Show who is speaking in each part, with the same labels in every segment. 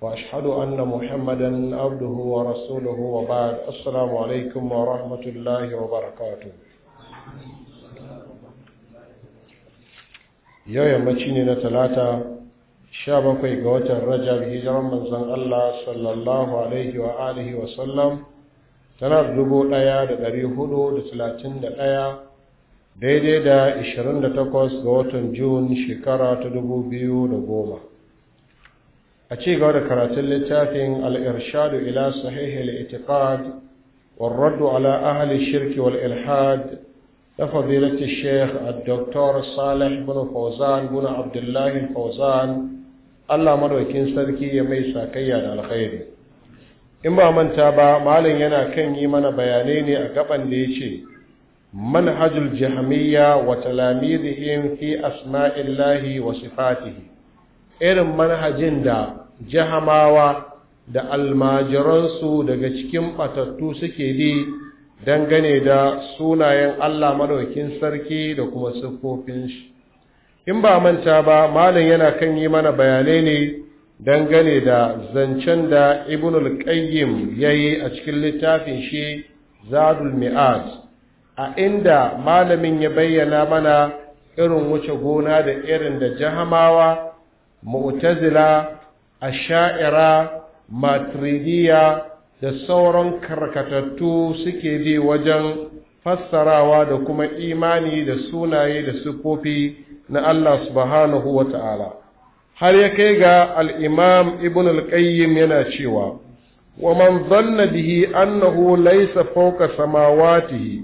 Speaker 1: وأشهد أن محمدا عبده ورسوله وبعد السلام عليكم ورحمة الله وبركاته يا يمتيني نتلاتا sha bakwai ga watan rajab hijiran manzon Allah sallallahu alaihi wa dubu ɗaya da ɗari hudu da talatin da ɗaya daidai da ishirin da takwas ga watan jun shekara ta dubu biyu da goma a ci gaba da karatun littafin al'irshadu ila sahihi al'itiqad والرد على أهل الشرك da لفضيلة الشيخ الدكتور صالح بن فوزان بن عبد Abdullahi الفوزان Allah madaukin sarki ya mai sakayya da alkhairi in ba manta ba malin yana kan yi mana bayanai ne a gaban da ya ce manhajul jahmiyya wa talamidihim fi asma'illahi wa sifatihi irin manhajin da jahamawa da almajiransu daga cikin batattu suke bi dangane da sunayen Allah madaukin sarki da kuma siffofin shi in ba manta ba malam yana kan yi mana bayanai ne dangane da zancen da ibnul qayyim yayi a cikin littafin shi zadul mi'ad a inda malamin ya bayyana mana irin wuce gona da irin da jahamawa mu'tazila asha'ira maturidiya da sauran karkatattu suke bi wajen fassarawa da kuma imani da sunaye da sufofi na Allah subhanahu wa har ya kai ga al'imam ibn al-qayyim yana cewa wa man zanna bihi annahu laysa fawqa samawatihi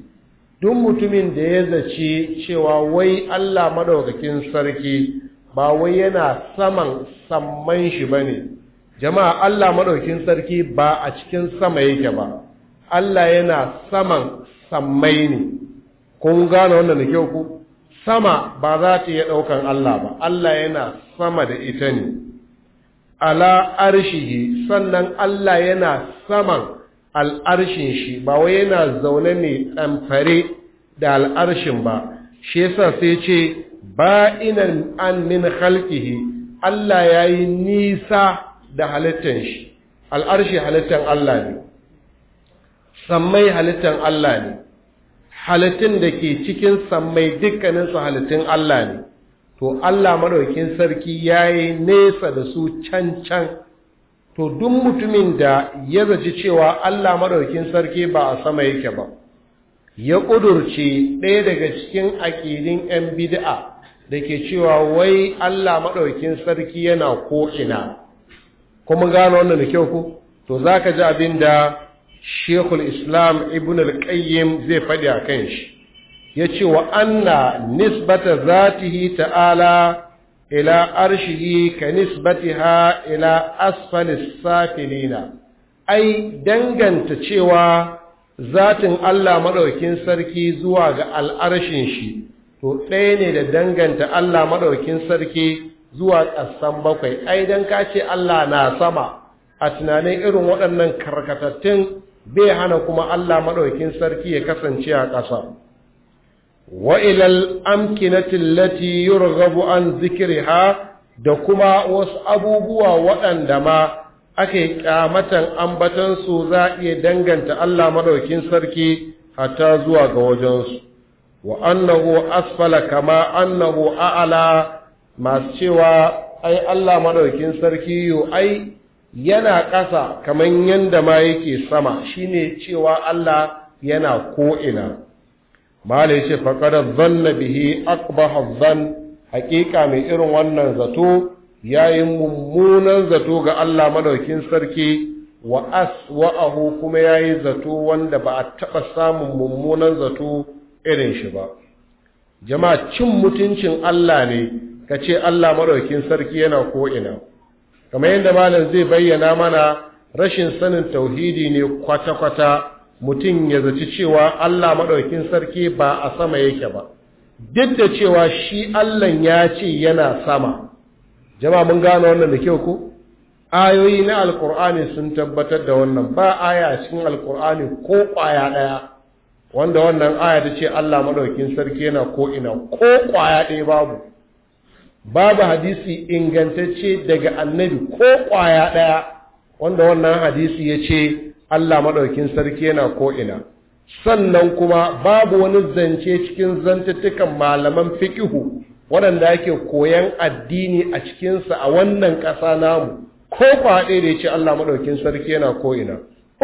Speaker 1: duk mutumin da ya zace cewa wai Allah madaukakin sarki ba wai yana saman samman shi ba ne jama'a Allah maɗaukin sarki ba a cikin sama yake ba Allah yana saman sammai ne kun gane wannan da kyau ku sama ba za ta iya ɗaukan Allah ba Allah yana sama da ita ne ala sannan Allah yana saman al'arshin shi ba wai yana zaune ne ɗamfare da al'arshin ba shi yasa sai ce ba'inan an min khalqihi Allah yayi nisa da halittan shi al'arshi halittan Allah ne sammai halittan Allah ne halittun da ke cikin sammai dukkanin su halittun Allah ne to Allah madaukin sarki yayi nesa da su can can to duk mutumin da ya zaci cewa Allah madaukin sarki ba a sama yake ba ya ƙudurce ɗaya daga cikin aƙirin ‘yan bid'a da ke cewa wai Allah maɗaukin sarki yana ko'ina kuma gano wannan da kyau ku to za ka ji abin da shekul islam ibn al-qayyim zai faɗi a kan shi ya ce wa anna nisbata zatihi ta'ala ila arshihi ka ha ila asfalis safilina ai danganta cewa zatin Allah maɗaukin sarki zuwa ga al'arshin shi to ɗaya ne da danganta Allah maɗaukin sarki zuwa ƙasan bakwai ai don ka ce Allah na sama a tunanin irin waɗannan karkatattun bai hana kuma Allah maɗaukin sarki ya kasance a ƙasa Wa'ilal ilal amkinatin lati yurghabu an zikriha da kuma wasu abubuwa waɗanda ma ake ƙyamatan ambatansu za a iya danganta Allah maɗaukin sarki hatta zuwa ga wajensu wa annahu asfala kama annahu a'ala masu cewa ai Allah madaukin sarki yo ai yana ƙasa kaman yanda ma yake sama shine cewa Allah yana ko'ina mala ya ce faƙarar zanna bihi akbaha dhann haƙiƙa mai irin wannan zato yayin mummunan zato ga Allah madaukin sarki wa aswa'ahu kuma yayi zato wanda ba a taɓa samun mummunan zato irin shi ba jama'a cin mutuncin Allah ne ka ce Allah maɗaukin sarki yana ko'ina kamar yadda malam zai bayyana mana rashin sanin tauhidi ne kwata-kwata mutum ya zaci cewa Allah maɗaukin sarki ba a sama yake ba duk da cewa shi Allah ya ce yana sama jama'a mun gano wannan da kyau ko ayoyi na alkur'ani sun tabbatar da wannan ba aya cikin alkur'ani ko ƙwaya ɗaya wanda wannan aya ta ce Allah madaukin sarki yana ko'ina ko kwaya ɗaya babu babu hadisi ingantacce daga annabi ko kwaya ɗaya wanda wannan hadisi ya ce Allah madaukin sarki yana ko sannan kuma babu wani zance cikin zantattukan malaman fikihu waɗanda ake koyan addini a cikinsa a wannan ƙasa namu ko ɗaya da ya ce Allah maɗaukin sarki yana ko'ina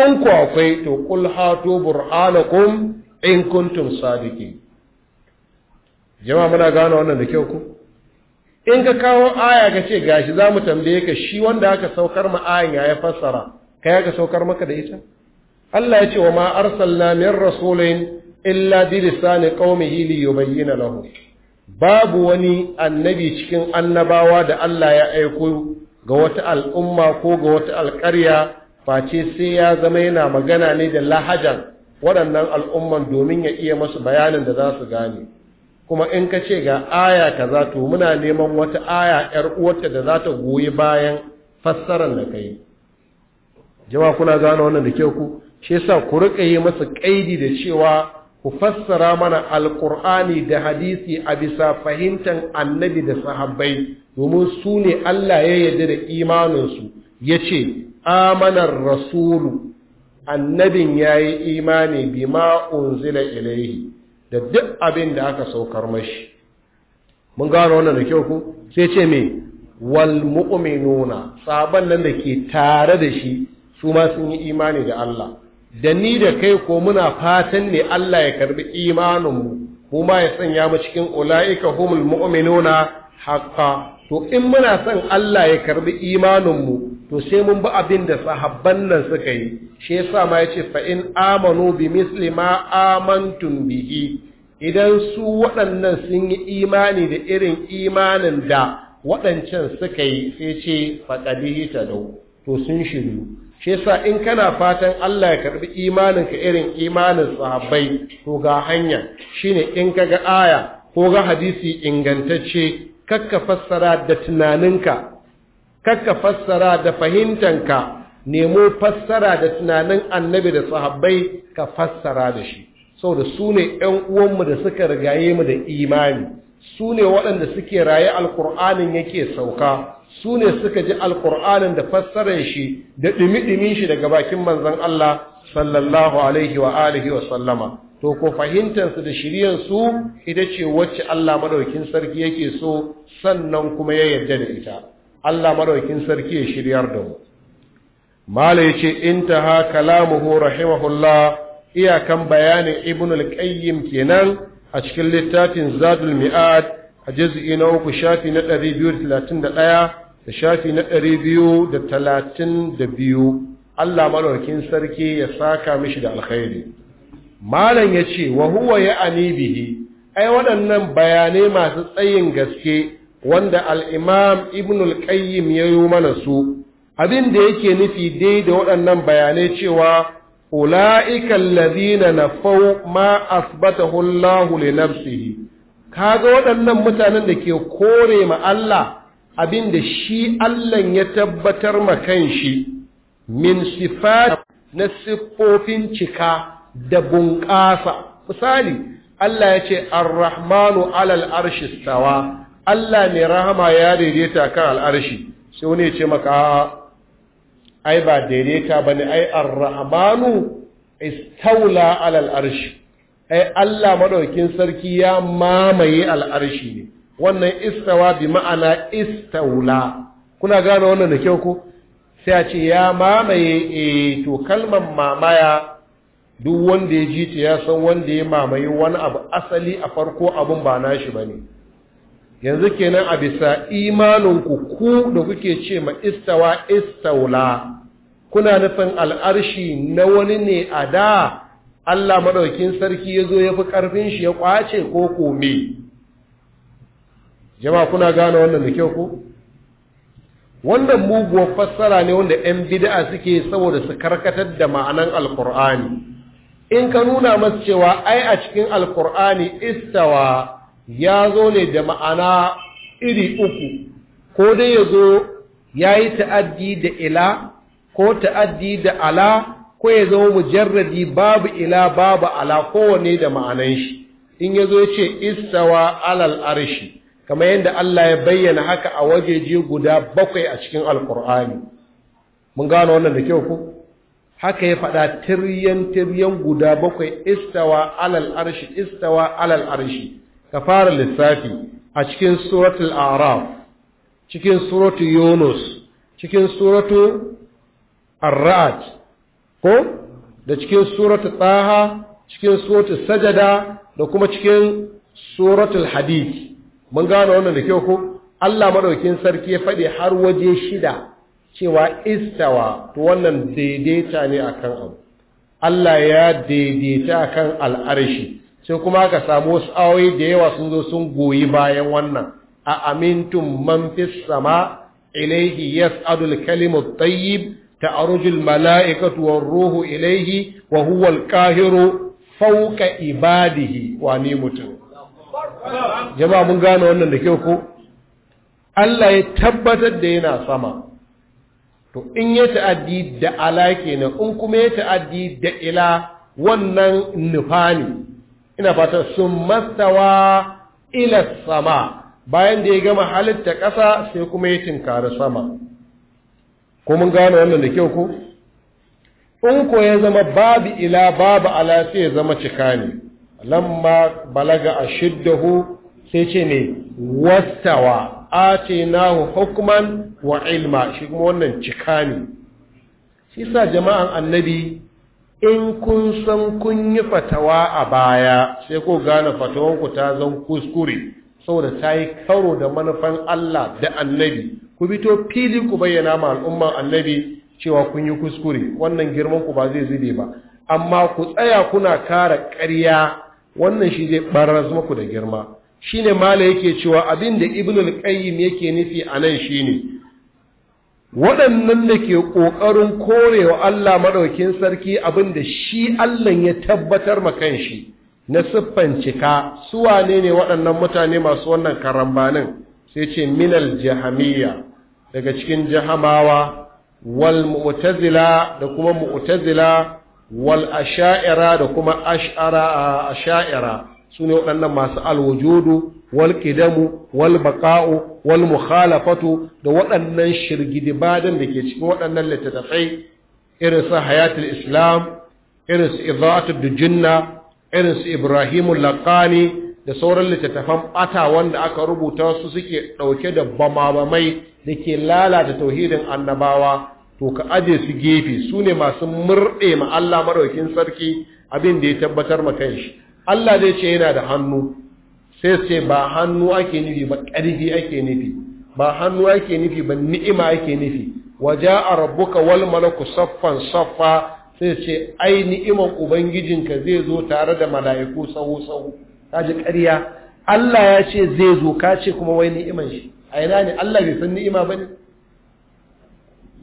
Speaker 1: in ku akwai to kul hatu burhanakum in kuntum sadiki jama'a muna gano wannan da kyau ku in ka kawo aya ka ce gashi za mu tambaye ka shi wanda aka saukar ma ayan ya fassara kai aka saukar maka da ita Allah ya ce wa ma arsalna min rasulin illa bi lisani qaumihi li yubayyana lahu babu wani annabi cikin annabawa da Allah ya aiko ga wata al'umma ko ga wata alƙarya face sai ya zama yana magana ne da lahajan waɗannan al'umman domin ya iya masu bayanin da za su gane kuma in ka ce ga aya kaza to muna neman wata aya ‘yar uwarta da za ta goyi bayan fassarar da ka yi jama kuna gane wannan da kyau ku shi yasa ku riƙa yi masa ƙaidi da cewa ku fassara mana alƙur'ani da hadisi a bisa fahimtar annabi da sahabbai domin su ne Allah ya yarda da imaninsu ya ce amanar rasulu annabin ya yi imani bima unzila ilaihi da duk abin da aka saukar mashi mun gano wannan da kyau ku sai ce me wal mu'minuna saban nan da ke tare da shi su ma sun yi imani da Allah da ni da kai ko muna fatan ne Allah ya karbi imaninmu mu ya sanya mu cikin ulaika humul mu'minuna haqqan to in muna son Allah ya karbi imaninmu to sai mun bi abin da sahabban nan suka yi shi yasa ma yace fa in amanu bi misli ma amantum bihi idan su waɗannan sun yi imani da irin imanin da waɗancan suka yi sai ce faqadihi dau, to sun shiru shi yasa in kana fatan Allah ya karbi imanin ka irin imanin sahabbai to ga hanya shine in kaga aya ko ga hadisi ingantacce kakka fassara da tunaninka kakka fassara da fahimtanka nemo fassara da tunanin annabi da sahabbai ka fassara da shi Sau da su ne ‘yan uwanmu da suka rigaye mu da imani su ne waɗanda suke raye alƙur'anin yake sauka su ne suka ji alƙur'anin da fassarar shi da ɗumi-ɗumin shi daga bakin manzon Allah sallallahu alaihi wa alihi wa sallama to ko fahimtansu da shiryansu ita ce wacce Allah madaukin sarki yake so sannan kuma ya yarda da ita Allah madaukin sarki ya shiryar da mu mala yace intaha kalamuhu rahimahullah iyakan bayanin ibn al-qayyim kenan a cikin littafin zadul mi'ad a juz'i na uku shafi na 231 da shafi na 232 Allah madaukin sarki ya saka mishi da alkhairi malam ya ce wa huwa ya anibihi ai waɗannan bayanai masu tsayin gaske wanda al'imam ibn al-qayyim ya yi mana su abin da yake nufi dai da waɗannan bayanai cewa ula'ikan lazina na fau ma asbata hullahu li nafsihi kaga waɗannan mutanen da ke kore ma Allah abin da shi Allah ya tabbatar ma shi min sifat na siffofin cika da bunƙasa misali Allah ya ce arrahmanu alal arshi stawa Allah mai rahama ya daidaita kan al'arshi sai wani ya ce maka ai ba daidaita ba ne ai arrahmanu istaula alal arshi ai Allah maɗaukin sarki ya mamaye al'arshi ne wannan istawa bi ma'ana istaula kuna gane wannan da kyau ko sai a ce ya mamaye e to kalmar mamaya duk wanda ya ji ta ya san wanda ya mamaye wani abu asali a farko abun ba nashi bane yanzu kenan a bisa imanin ku ku da kuke ce ma istawa istaula kuna nufin al'arshi na wani ne a da Allah maɗaukin sarki ya zo ya fi ƙarfin shi ya kwace ko kome jama'a kuna gane wannan da kyau ko wannan muguwar fassara ne wanda 'yan bid'a suke saboda su karkatar da ma'anan alkur'ani in ka nuna masu cewa ai a cikin alkur'ani istawa ya zo ne da ma'ana iri uku ko dai ya zo ya yi ta'addi da ila ko ta'addi da ala ko ya zama mujarradi babu ila babu ala kowane da ma'anan shi in ya zo ce istawa alal arshi kamar yadda Allah ya bayyana haka a wajeje guda bakwai a cikin alkur'ani mun gano wannan da kyau ko haka ya faɗa tiryan tiryan guda bakwai istawa alal arshi istawa alal arshi ka fara lissafi a cikin suratul araf cikin suratu yunus cikin suratu ar-ra'd ko da cikin suratu taha cikin suratu sajada da kuma cikin suratul hadid mun gane wannan da kyau ko Allah madaukin sarki ya faɗi har waje shida cewa istawa to wannan daidaita ne akan abu Allah ya daidaita akan al'arshi sai kuma aka samu wasu awoyi da yawa sun zo sun goyi bayan wannan a amintun man fis sama ilayhi yas'adu al-kalimu at-tayyib ta'ruju al-mala'ikatu war-ruhu ilayhi wa huwa al-qahiru ibadihi wa ni mutum jama'a mun gane wannan da kyau ko Allah ya tabbatar da yana sama to in ya ta'addi da ala kenan in kuma ya ta'addi da ila wannan nufani ne ina fata sun mastawa ila sama bayan da ya gama halitta ƙasa sai kuma ya tinkari sama ko mun gane wannan da kyau ko in ko ya zama babu ila babu ala sai ya zama cika ne lamma balaga ashiddahu sai ce ne wastawa atinahu hukman wa ilma shi kuma wannan cika ne shi sa jama'an annabi in kun san kun yi fatawa a baya sai ko gane fatawanku ta zan kuskure saboda ta yi karo da manufan Allah da annabi ku to fili ku bayyana ma al'umman annabi cewa kun yi kuskure wannan girman ku ba zai zube ba amma ku tsaya kuna kara ƙarya wannan shi zai barar muku da girma shine mala yake cewa abin da ibnul qayyim yake nufi anan shine waɗannan da ke ƙoƙarin korewa Allah maɗaukin sarki abin da shi Allah ya tabbatar ma shi na siffan cika su wane ne waɗannan mutane masu wannan karambanin sai ce minal jahamiyya daga cikin jahamawa wal mu'tazila da kuma mu'tazila wal asha'ira da kuma ash'ara asha'ira ne waɗannan masu alwujudu wal ƙidamu, wal baqa'u wal mukhalafatu da waɗannan badan da ke cikin waɗannan littattafai irin sa hayatul islam irin su idaatu dujinna irin su Ibrahimu laqani da sauran littattafan ata wanda aka rubuta su suke ɗauke da bamabamai da ke lalata tauhidin annabawa to ka aje su gefe su ne masu murɗe ma Allah maɗaukin sarki abin da ya tabbatar ma kanshi Allah zai ce yana da hannu sai ce ba hannu ake nufi ba ƙarfi ake nufi ba hannu ake nufi ba ni'ima ake nufi waje a ka wal malaku saffan saffa sai ce ai ni'iman ubangijinka zai zo tare da mala'iku sahu sahu ji ƙarya Allah ya ce zai zo ka ce kuma wai ni'iman shi a ina ne Allah bai san ni'ima ba ne?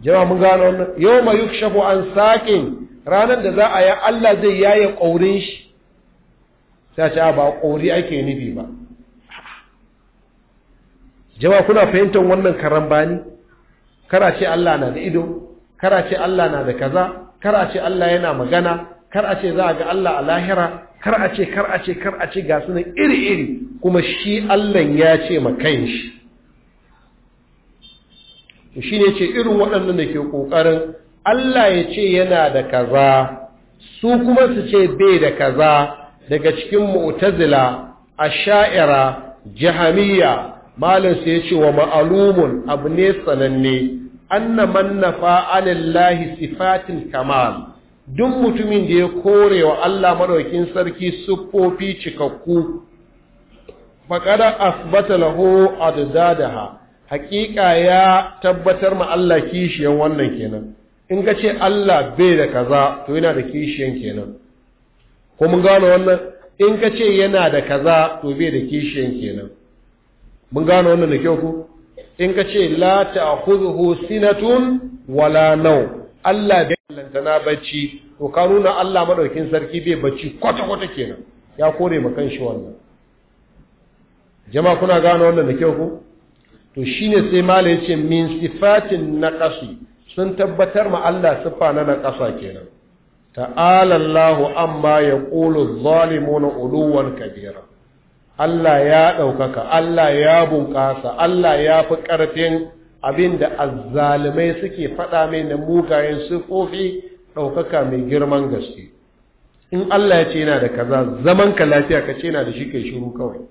Speaker 1: jama'a mun gano wannan Yau ma yuk shafu an saqin ranar da za a yi Allah zai yaye ƙaurin shi sai ce ba kori ake nufi ba jama kuna fahimtar wannan karambani kara ce Allah na da ido kara ce Allah na da kaza kara ce Allah yana magana kar ce za a ga Allah a lahira kar a ce kar a ce kar a ce ga sunan iri-iri kuma shi Allah ya ce ma kan shi shi ne ce irin waɗannan da ke ƙoƙarin Allah ya ce yana da kaza su kuma su ce bai da kaza daga cikin mu'tazila asha'ira Jahamiyya, malin sai yace wa ma'alumun abu ne sananne anna man nafa alillahi sifatin kamal duk mutumin da ya kore wa Allah madaukin sarki siffofi cikakku faqada asbata lahu adadaha haqiqa ya tabbatar ma Allah kishiyan wannan kenan in ka ce Allah bai da kaza to yana da kishiyan kenan ko mun gano wannan in ka ce yana da kaza to bai da kishiyan kenan
Speaker 2: mun gano wannan da kyau
Speaker 1: ko in ka ce la ta'khudhu sinatun wala naw Allah bai lantana bacci to ka nuna Allah madaukin sarki bai bacci kwata kwata kenan ya kore maka shi wannan jama'a kuna gano wannan da kyau ko to shine sai ya ce min sifatin naqasi sun tabbatar ma Allah siffa na naqasa kenan ta'ala amma ya ƙulu na uluwan kabira Allah ya ɗaukaka Allah ya bunƙasa Allah ya fi ƙarfin abin da azzalimai suke faɗa mai na mugayen siffofi ɗaukaka mai girman gaske in Allah ya ce yana da kaza zaman ka lafiya ka ce yana da shi kai shiru kawai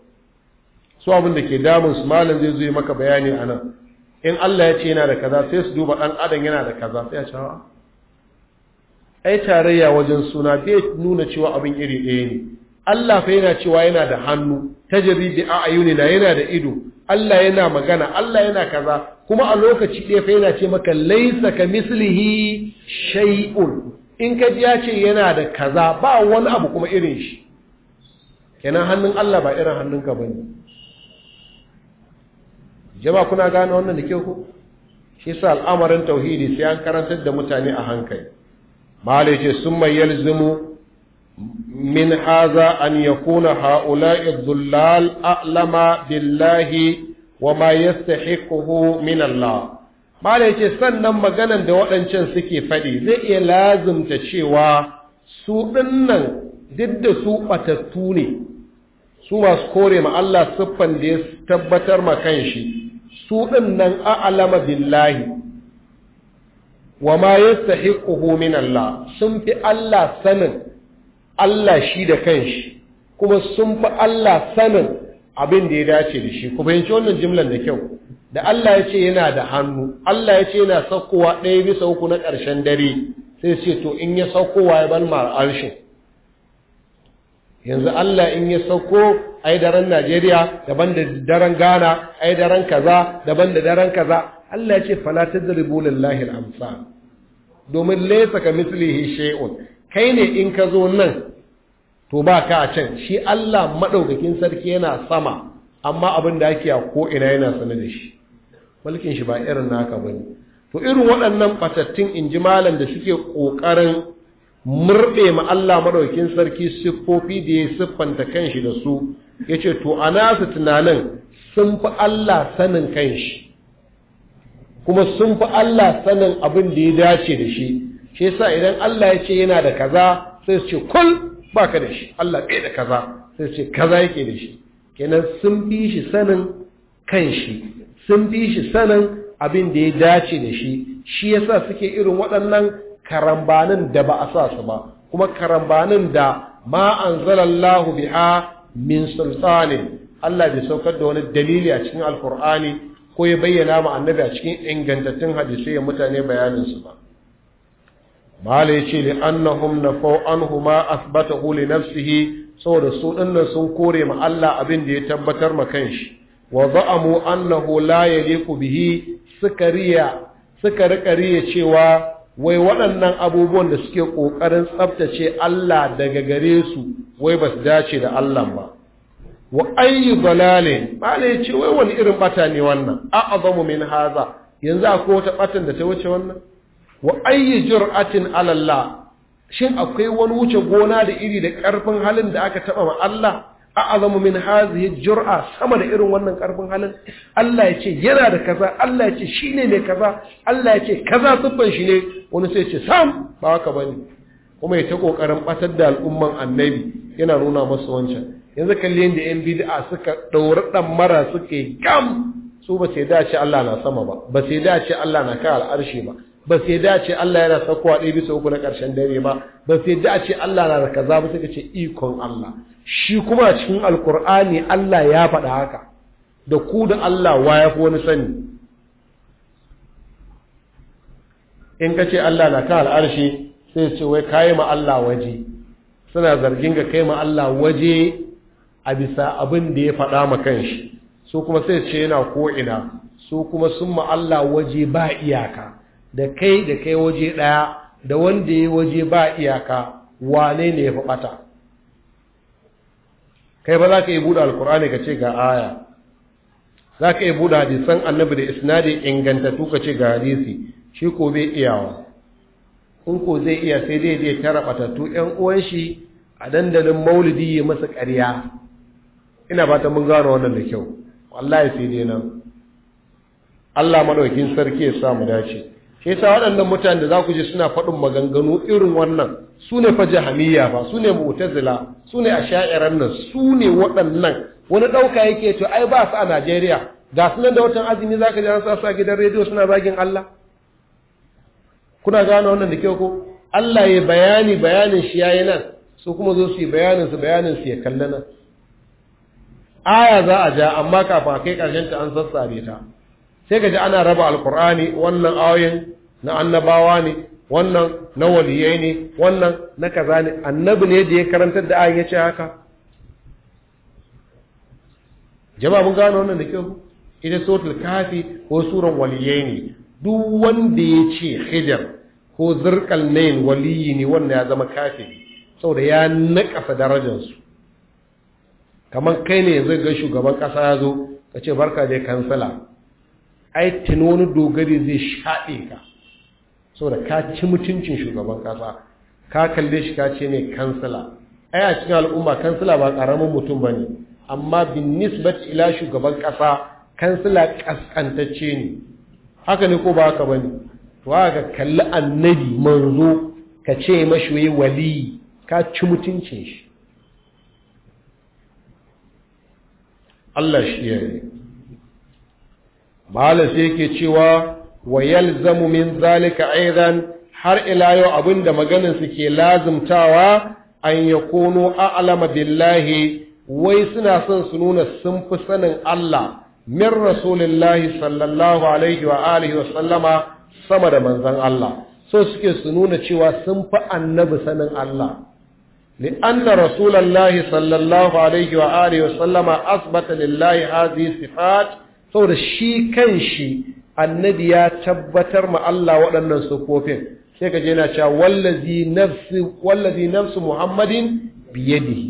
Speaker 1: su abin da ke damun su malam zai zo maka bayani a nan in Allah ya ce yana da kaza sai su duba ɗan adam yana da kaza sai a ce ai tarayya wajen suna bai nuna cewa abin iri ɗaya ne Allah fa yana cewa yana da hannu tajri bi la yana da ido Allah yana magana Allah yana kaza kuma a lokaci ɗaya fa yana ce maka laysa ka mislihi shay'un in ka ji ya ce yana da kaza ba wani abu kuma irin shi kenan hannun Allah ba irin hannunka bane jama kuna gane wannan da kyau ko shi sa al'amarin tauhidi sai an karantar da mutane a hankali malai sun mai yalzimu min haza an yakuna ha'ula'i dhullal a'lama billahi wa ma yastahiquhu min Allah malai sannan maganan da waɗancan suke faɗi zai iya lazumta cewa su dinnan duk da su batattu su masu kore ma Allah siffan da ya tabbatar ma kanshi su dinnan a'lama billahi wa ma yastahiquhu min Allah sun fi Allah sanin Allah shi da kanshi kuma sun fi Allah sanin abin da ya dace da shi ku fahimci wannan jimlan da kyau da Allah ya ce yana da hannu Allah ya ce yana saukowa ɗaya bisa uku na ƙarshen dare sai ce to in ya saukowa ya ban ma'arshin yanzu Allah in ya sauko ai daren Najeriya daban da daren Ghana ai daren kaza daban da daren kaza Allah ce fala tadribu lillahi al amsa domin laysa ka mislihi shay'un kai ne in ka zo nan to ba ka a can shi Allah maɗaukakin sarki yana sama amma abin da ake a ko ina yana sanar da shi mulkin shi ba irin naka bane to irin waɗannan fatattun inji malam da suke kokarin murɗe ma Allah madaukakin sarki siffofi da ya siffanta kanshi da su yace to a nasu tunanin sun fi Allah sanin kanshi kuma sun fi Allah sanin abin da ya dace da shi shi yasa idan Allah ya ce yana da kaza sai su ce kul baka da shi Allah bai da kaza sai su ce kaza yake da shi kenan sun fi shi sanin kan shi sun fi shi sanin abin da ya dace da shi shi yasa suke irin waɗannan karambanin da ba a sa su ba kuma karambanin da ma anzalallahu biha min sultanin Allah bai saukar da wani dalili a cikin alkur'ani ko ya bayyana ma annabi a cikin ingantattun hadisai ya mutane bayaninsu ba malai ya ce li annahum nafau anhu ma asbatahu li nafsihi saboda su dinnan sun kore ma Allah abin da ya tabbatar ma kanshi wa za'amu annahu la yaliqu bihi suka riya suka rika riya cewa wai waɗannan abubuwan da suke ƙoƙarin tsabtace Allah daga gare su wai ba su dace da Allah ba wa ayi dalalin bala ya ce wai wani irin bata ne wannan a'zamu min haza yanzu akwai wata batan da ta wuce wannan wa ayi jur'atin ala shin akwai wani wuce gona da iri da karfin halin da aka taba ma Allah a'zamu min haza ya jur'a sama da irin wannan karfin halin Allah ya ce yana da kaza Allah ya ce shine mai kaza Allah ya ce kaza tubban shi ne wani sai ya ce sam ba haka bane kuma ya ta kokarin batar da al'umman annabi yana nuna masa wancan yanzu kalli yadda yan bid'a suka ɗauri ɗan mara suka gam su ba sai dace Allah na sama ba ba sai dace Allah na kan al'arshi ba ba sai dace Allah yana sakowa ɗaya bisa uku na ƙarshen dare ba ba sai dace Allah na da kaza ba suka ce ikon Allah shi kuma cikin alkur'ani Allah ya faɗa haka da ku da Allah wa ya fi wani sani in ka ce Allah na kan al'arshi sai ce wai yi ma Allah waje suna zargin ga kai ma Allah waje a bisa abin da ya faɗa ma kanshi su kuma sai ce yana ko'ina su kuma sun ma'alla waje ba iyaka da kai da kai waje ɗaya da wanda ya waje ba iyaka wane ne ya fi ɓata kai ba za ka yi buɗe alkur'ani ka ce ga aya za ka yi buɗe hadisan annabi da isnadi ingantattu ka ce ga hadisi shi ko bai iyawa in ko zai iya sai dai dai tara ɓatattu ‘yan uwan shi a dandalin maulidi ya masa ƙarya ina fata mun gano wannan da kyau wallahi sai dai nan Allah madaukin sarki ya sa mu dace shi yasa waɗannan mutanen da za ku ji suna faɗin maganganu irin wannan su ne fa jahamiyya ba su ne mu'tazila su ne asha'iran nan su ne waɗannan wani ɗauka yake to ai ba su a Najeriya ga su nan da watan azumi zaka ji an sa su a gidan rediyo suna zagin Allah kuna gane wannan da kyau ko Allah ya bayani bayanin shi yayi nan su kuma zo su yi bayanin su bayanin su ya kalla nan aya za a ja amma kafin a kai karshen ta an sassare ta sai ka ana raba alkur'ani wannan ayoyin na annabawa ne wannan na waliyai ne wannan na kaza ne annabi ne da ya karanta da ayin ya ce haka jama'a mun gano wannan da kyau ita sotul kafi ko suran waliyai ne duk wanda ya ce hijar ko zirkal nain waliyi ne wannan ya zama kafi saboda ya naƙasa darajarsu kamar kai ne zai ga shugaban ƙasa ya zo ka ce barka dai kansala. ai tuni wani dogari zai shaɗe ka saboda ka ci mutuncin shugaban ƙasa ka kalle shi ka ce ne kansila ai a cikin al'umma kansala ba ƙaramin mutum ba ne amma bin nisbat ila shugaban ƙasa kansala ƙasƙantacce ne haka ne ko ba haka ba ne to haka kalli annabi manzo ka ce mashi wali ka ci mutuncin shi Allah shi ya yi malam sai yake cewa wa yalzamu min zalika aidan har ila yau abinda maganin su ke lazimtawa, an yakunu a'lama billahi wai suna son su nuna sun fi sanin Allah min rasulillahi sallallahu alaihi wa alihi wa sallama sama da manzon Allah so suke su nuna cewa sun fi annabi sanin Allah لأن رسول الله صلى الله عليه وآله وسلم أثبت لله هذه الصفات صور الشي كنشي النبي تبتر مع الله وأن نسكوفين سيكا جينا والذي نفس والذي نفس محمد بيده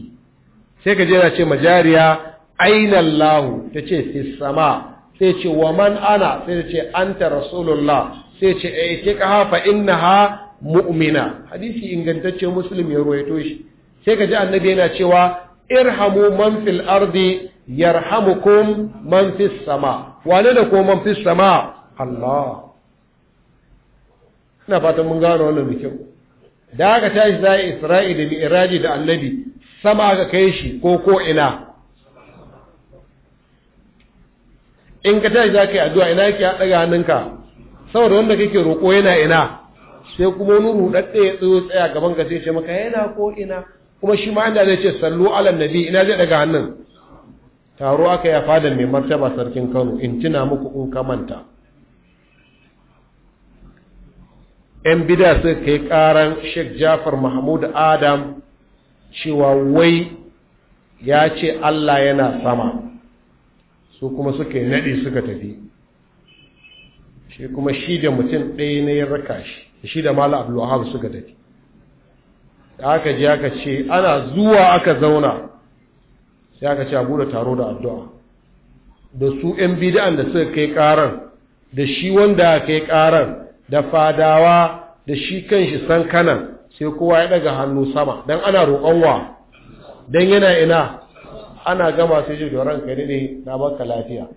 Speaker 1: سيكا جينا مجاريا أين الله تشي في السماء تشي ومن أنا تشي أنت رسول الله تشي اعتقها فإنها مؤمنة حديثي إن muslim مسلم يرويتوش sai ka ji annabi yana cewa irhamu man fil ardi yarhamukum man fis sama wane da ko man fis sama Allah ina fatan mun gano wannan da kyau da aka tashi za isra'i da mi'raji da annabi sama ga kai shi ko ko ina in ka tashi za ka yi addu'a ina yake daga hannunka saboda wanda kake roƙo yana ina sai kuma wani ruɗaɗɗe ya tsaya gaban ka sai ce maka yana ko ina kuma shi ma inda zai ce sallu ala nabi ina zai daga hannun taro aka ya fada mai martaba sarkin Kano in tuna muku in ka manta ‘yan bida suka kai ƙaran Sheik Jafar Mahmud Adam cewa wai ya ce Allah yana sama su kuma suka yi naɗi suka tafi shi kuma shi da mutum ɗaya na yin raka shi shi da malu Abdullahi suka tafi da aka je aka ce ana zuwa aka zauna sai aka ce a bude taro da addu'a da su ‘yan bid'an da suka kai ƙarar da shi wanda kai ƙarar da fadawa da shi kanshi san kanan sai kowa ya daga hannu sama don ana roƙon wa don yana ina ana gama sai shi doron ka ne na baka lafiya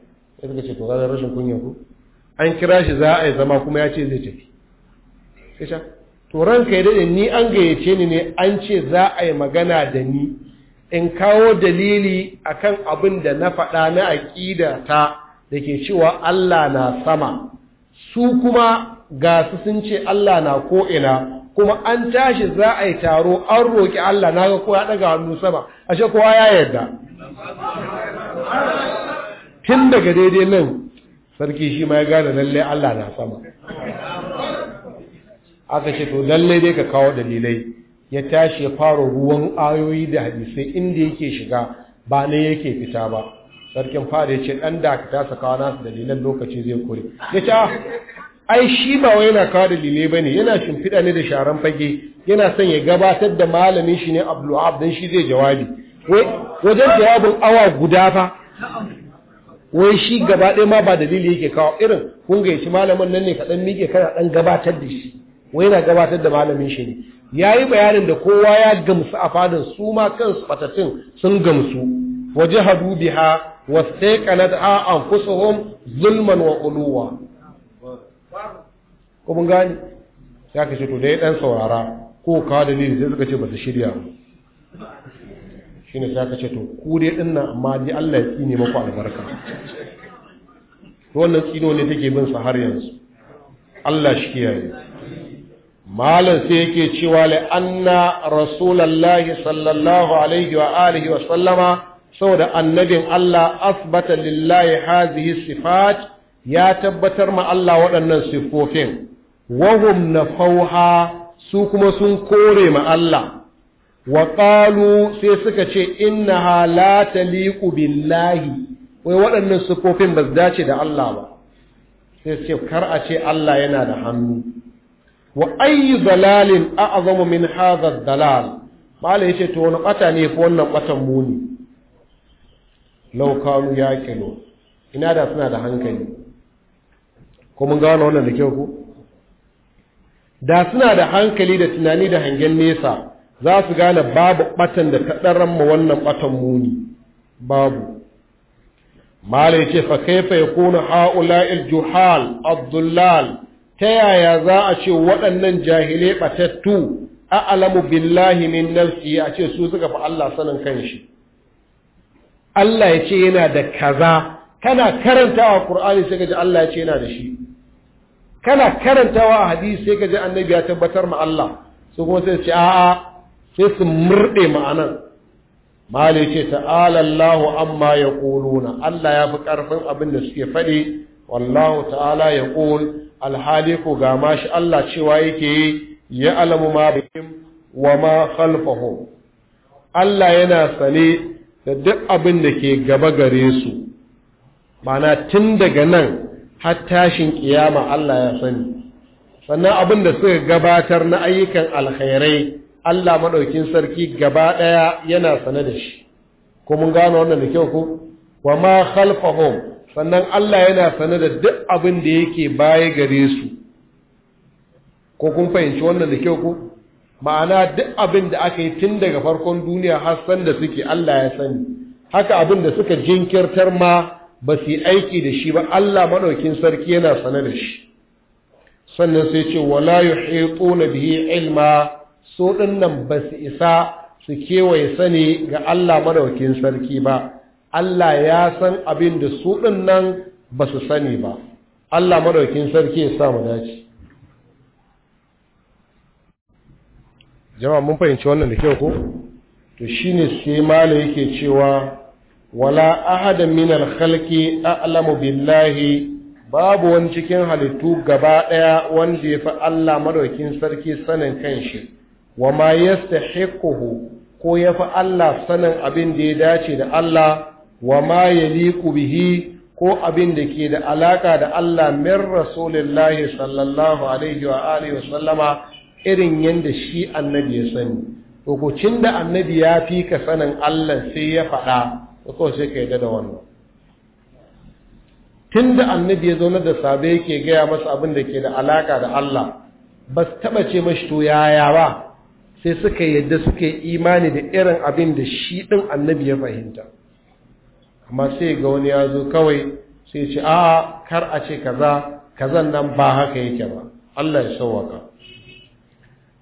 Speaker 1: sai suka to rashin kunyanku an kira shi za a yi zama kuma ya ce zai tafi to ranka ya dade ni an gayyace ni ne an ce za a yi magana da ni in kawo dalili a kan abin da na faɗa na aƙida ta da ke cewa Allah na sama su kuma ga su sun ce Allah na ko'ina kuma an tashi za a yi taro an roƙi Allah na ga kowa ɗaga hannu sama ashe kowa ya yarda tun daga daidai nan sarki shi ma ya gane lallai Allah na sama aka ce to lallai dai ka kawo dalilai ya tashi ya fara ruwan ayoyi da hadisai inda yake shiga ba ne yake fita ba sarkin fara ya ce ɗan da ka tasa kawo nasu dalilan lokaci zai kure ya ce ah, ai shi ba wai yana kawo dalilai ba ne yana shimfiɗa ne da sharan fage yana son ya gabatar da malamin shi ne Abdulwahab don shi zai jawabi wajen jawabin awa guda fa wai shi gaba ɗaya ma ba dalili yake kawo irin kun ci malamin nan ne kaɗan mike kana ɗan gabatar da shi wai yana gabatar da malamin shi ne ya yi bayanin da kowa ya gamsu a fadin su ma kansu batattun sun gamsu waje hadu biha wasu taikanat a an kusurum zulman wa uluwa kuma gani ya kashe ce to da ya ɗan saurara ko kawo dalili sai suka ce ba su shirya shi ne sai kashe ce to ku dai ɗin nan amma dai allah ya tsine maku albarka wannan tsino ne take bin su har yanzu allah shi kiyaye malam sai yake cewa la'anna anna rasulullahi sallallahu alaihi wa alihi wa sallama saboda annabin Allah asbata lillahi hazihi sifat ya tabbatar ma Allah waɗannan sifofin wahum nafauha su kuma sun kore ma Allah wa sai suka ce inna la taliqu billahi wai waɗannan sifofin ba su dace da Allah ba sai su kar a ce Allah yana da hannu wa ayyu dalalin a'zamu min hadha dalal mala yace to wani bata ne fa wannan batan muni law kanu yaqilu ina da suna da hankali ko mun gano wannan da kyau ko da suna da hankali da tunani da hangen nesa za su gane babu batan da kadaran mu wannan batan muni babu mala yace fa kaifa yakunu ha'ula'il juhal ad-dullal ta yaya za a ce waɗannan jahilai batattu a'lamu billahi min nafsi a ce su suka fi Allah sanin kanshi Allah ya ce yana da kaza kana karantawa Qur'ani sai ka Allah ya ce yana da shi kana karantawa hadisi sai ka ji annabi ya tabbatar ma Allah su kuma sai ce a'a sai su murde ma'anan mali ce ta'ala Allahu amma yaquluna Allah ya fi karfin abin da suke faɗi wallahu ta'ala yaqul alhali ko ga ma shi Allah cewa yake ya alamu ma bihim wa ma khalfahu Allah yana sane da duk abin da ke gaba gare su ma'ana tun daga nan har tashin kiyama Allah ya sani sannan abin da suka gabatar na ayyukan alkhairai Allah madaukin sarki gaba daya yana sane da shi ko mun gano wannan da kyau ko wa ma khalfahum sannan Allah yana sane da duk abin da yake baya gare su ko kun fahimci wannan da kyau ko ma'ana duk abin da aka yi tun daga farkon duniya har san da suke Allah ya sani haka abin da suka jinkirtar ma ba su yi aiki da shi ba Allah maɗaukin sarki yana sane da shi sannan sai ce wala yuhiquna bihi ilma su dinnan ba su isa su kewaye sani ga Allah maɗaukin sarki ba Allah ya san abin da su ɗin nan ba su sani ba Allah maɗaukin sarki ya samu dace jama'a mun fahimci wannan da kyau ko to shi ne sai mala yake cewa wala ahada min halki a'lamu billahi babu wani cikin halittu gaba ɗaya wanda ya fi Allah madaukin sarki sanin kanshi wa ma yasta hekuhu ko ya fi Allah sanin abin da ya dace da Allah wa ma yaliqu bihi ko abin da ke da alaka da Allah min rasulillahi sallallahu alaihi wa alihi wa sallama irin yanda shi annabi ya sani hukucin da annabi ya fi ka sanin Allah sai ya faɗa ko sai ka yadda da wannan tunda annabi ya zauna da sabe yake gaya masa abin da ke da alaka da Allah ba su taɓa ce mashi to yaya ba sai suka yadda suka yi imani da irin abin da shi ɗin annabi ya fahimta amma sai ga wani ya zo kawai sai ce a kar a ce kaza kazan nan ba haka yake ba Allah ya sauwaka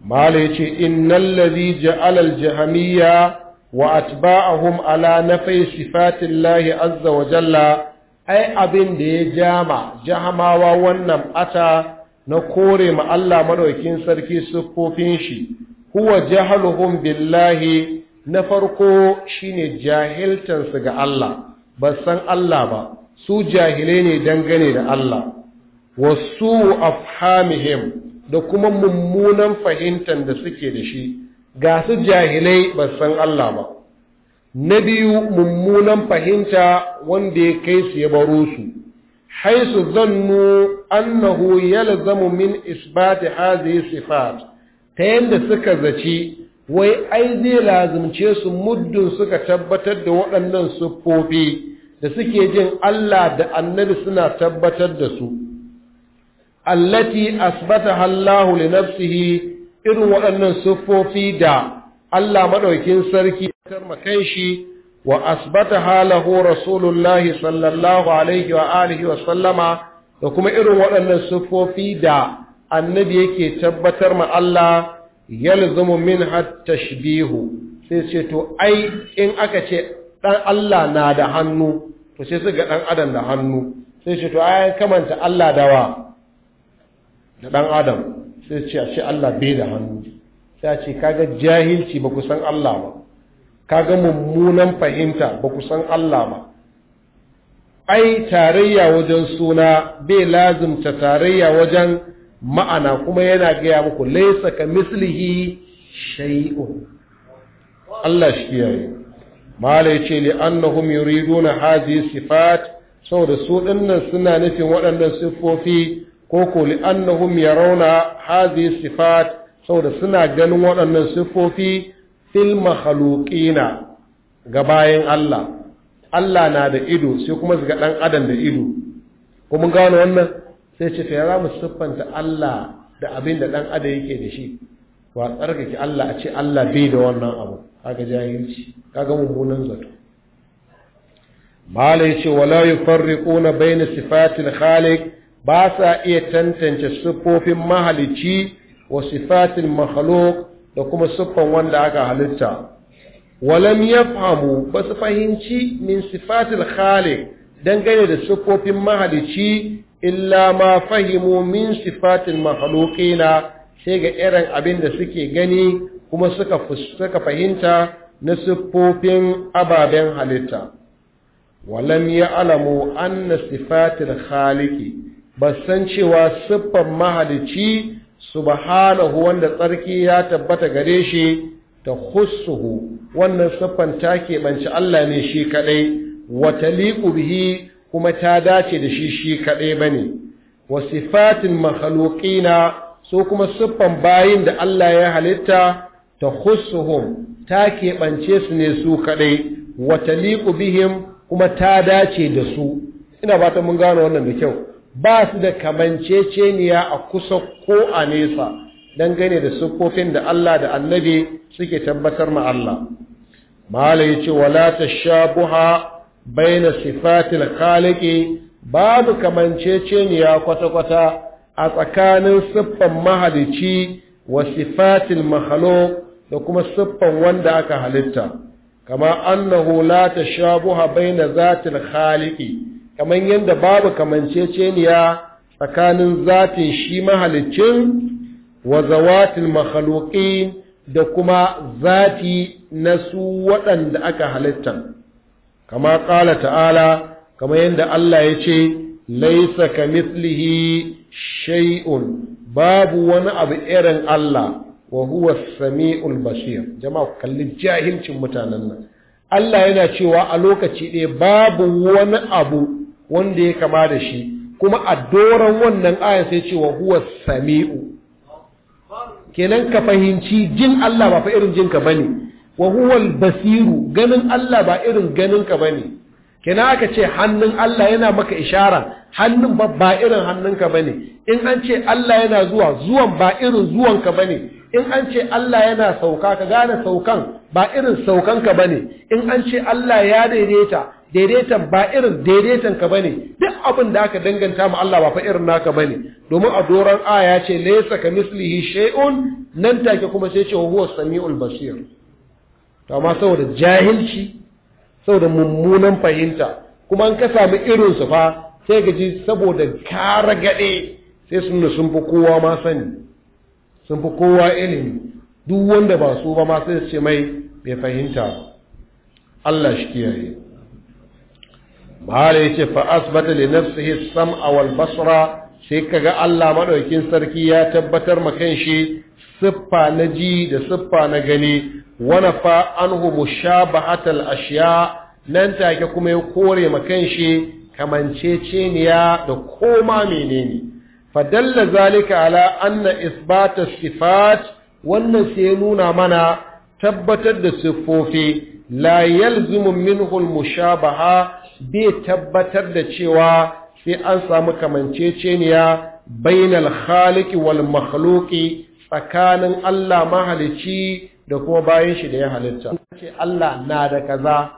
Speaker 1: mala yace innal ladhi ja'ala al jahamiyya wa atba'ahum ala nafai sifatillahi azza wa jalla ai abin da ya jama jahamawa wannan ata na kore ma Allah madaukin sarki siffofin shi huwa jahaluhum billahi na farko shine jahiltansu ga Allah ba san Allah ba su jahilai ne dangane da Allah wasu afhamihim da kuma mummunan fahimtar da suke da shi ga su jahilai ba san Allah ba na biyu mummunan fahimta wanda ya kai su ya baro su haisu zannu annahu yalzamu min isbati hadhihi sifat ta yanda suka zaci wai ai zai lazimce su muddin suka tabbatar da waɗannan siffofi da suke jin Allah da annabi suna tabbatar da su allati asbata Allahu li nafsihi irin waɗannan siffofi da Allah madaukin sarki karma shi wa asbataha lahu rasulullahi sallallahu alaihi wa alihi wa sallama da kuma irin waɗannan siffofi da annabi yake tabbatar ma Allah min minha tashbihu sai ce to ai in aka ce dan Allah na da hannu to sai su ga dan adam da hannu sai ce to ai kamanta Allah da wa da dan adam sai ce shi Allah bai da hannu sai ce kaga jahilci ba ku san Allah ba kaga mummunan fahimta ba ku san Allah ba ai tarayya wajen suna bai lazimta tarayya wajen ma'ana kuma yana gaya muku laisa ka mislihi shay'un Allah shi kiyaye mala yace li annahum yuriduna hadhihi sifat saboda su dinnan suna nufin waɗannan sifofi, ko ko li annahum yarawna hadhihi sifat saboda suna ganin waɗannan sifofi, fil makhluqina ga Allah Allah na da ido sai kuma su ga dan adam da ido Ko mun gano wannan sai ce ta za mu siffanta Allah da abin da ɗan ada yake da shi wa tsarkake Allah a ce Allah bai da wannan abu kaga jahilci kaga mummunan zato malai ce wala yufarriquna baina sifatil khaliq ba sa iya tantance siffofin mahalici wa sifatil makhluq da kuma siffan wanda aka halitta walam yafhamu ba su fahimci min sifatil khaliq dangane da siffofin mahalici illa ma fahimu min sifatil na sai ga irin abin da suke gani kuma suka fahimta na siffofin ababen halitta walam alamu anna sifatin khaliqi san cewa siffar mahalici subhanahu wanda tsarki ya tabbata gare shi ta khussuhu wannan siffan ta keɓanci Allah ne shi kaɗai wa liƙu bihi kuma ta dace da shi shi kaɗai ba ne wa sifatin makhluqina so kuma siffan bayin da Allah ya halitta ta khussuhum ta keɓance su ne su kaɗai wa taliqu bihim kuma ta dace da su ina ba ta mun gano wannan da kyau ba su da kamanceceniya a kusa ko a nesa dangane da siffofin da Allah da annabi suke tabbatar ma Allah Malai ce wala tashabuha baina sifatil khaliqi babu kamanceceniya kwata-kwata a tsakanin siffan mahalici wa sifatil makhluq da kuma siffan wanda aka halitta kama annahu la tashabuha baina zatil khaliqi kaman yanda babu kamanceceniya tsakanin zatin shi mahalicin wa zawatil makhluqin da kuma zati na su waɗanda aka halitta kama ƙala ta'ala kama yadda Allah ya ce laisa ka mislihi shay'un babu wani abu irin Allah wa huwa sami'ul basir jama'a kalli jahilcin mutanen nan Allah yana cewa a lokaci ɗaya babu wani abu wanda ya kama da shi kuma a doron wannan ayan sai ce wa huwa sami'u kenan ka fahimci jin Allah ba fa irin jinka bane wa basiru ganin Allah ba irin ganin ka bane kina aka ce hannun Allah yana maka ishara hannun ba ba irin hannunka bane in an ce Allah yana zuwa zuwan ba irin zuwan ka bane in an ce Allah yana sauka ka gane saukan ba irin saukan ka bane in an ce Allah ya daidaita daidaitan ba irin daidaitan ka bane duk abin da aka danganta ma Allah ba fa irin naka bane domin a doran aya ce laysa ka mislihi shay'un nan take kuma sai ce huwa samiul basir amma saboda jahilci saboda mummunan fahimta kuma an ka sami irinsu fa sai ka ji saboda kara gaɗe sai sun da sun fi kowa ma sani sun fi kowa ilimi duk wanda ba su ba ma sai ce mai bai fahimta Allah shi kiyaye mahala ya ce fa'asbata li nafsihi sam'a wal basra sai ka ga Allah maɗaukin sarki ya tabbatar ma kan shi, siffa na ji da siffa na gani Wana fa an hubu sha ba'atal ashiya nan take kuma ya kore ma kanshi kamanceceniya da koma menene fadalla zalika ala anna isbata sifat wannan sai nuna mana tabbatar da siffofi la yalzumu minhu al-mushabaha bi tabbatar da cewa sai an samu kamanceceniya bainal khaliqi wal makhluqi tsakanin Allah mahalici da kuma bayan shi da ya halitta ce Allah na da kaza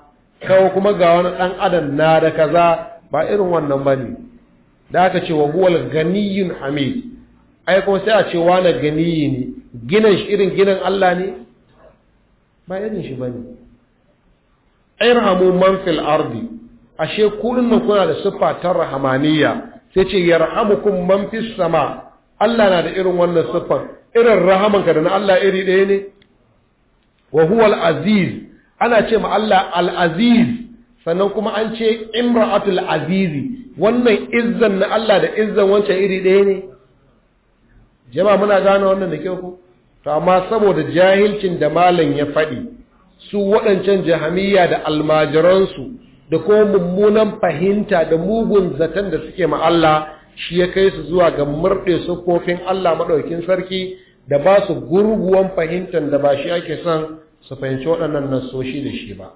Speaker 1: kawo kuma ga wani dan adam na da kaza ba irin wannan bane da aka ce wa huwal ganiyyun hamid ai kuma sai a ce wa na ganiyyi ne ginin shi irin ginin Allah ne ba irin shi bane irhamu man fil ardi ashe kullun kuna da siffa ta rahmaniyya? sai ce yarhamukum man fis sama Allah na da irin wannan siffar irin rahaman ka da na Allah iri ɗaya ne wa huwa aziz ana ce ma Allah al-aziz sannan kuma an ce imra'atul azizi wannan izzan na Allah da izzan wancan iri ɗaya ne jama muna gane wannan da kyau ko to amma saboda jahilcin da malam ya faɗi su waɗancan jahamiyya da almajiransu da kuma mummunan fahimta da mugun zaton da suke ma Allah shi ya kai su zuwa ga murɗe kofin Allah maɗaukin sarki da ba su gurguwan fahimtar da ba shi ake son su fahimci waɗannan nasoshi da shi ba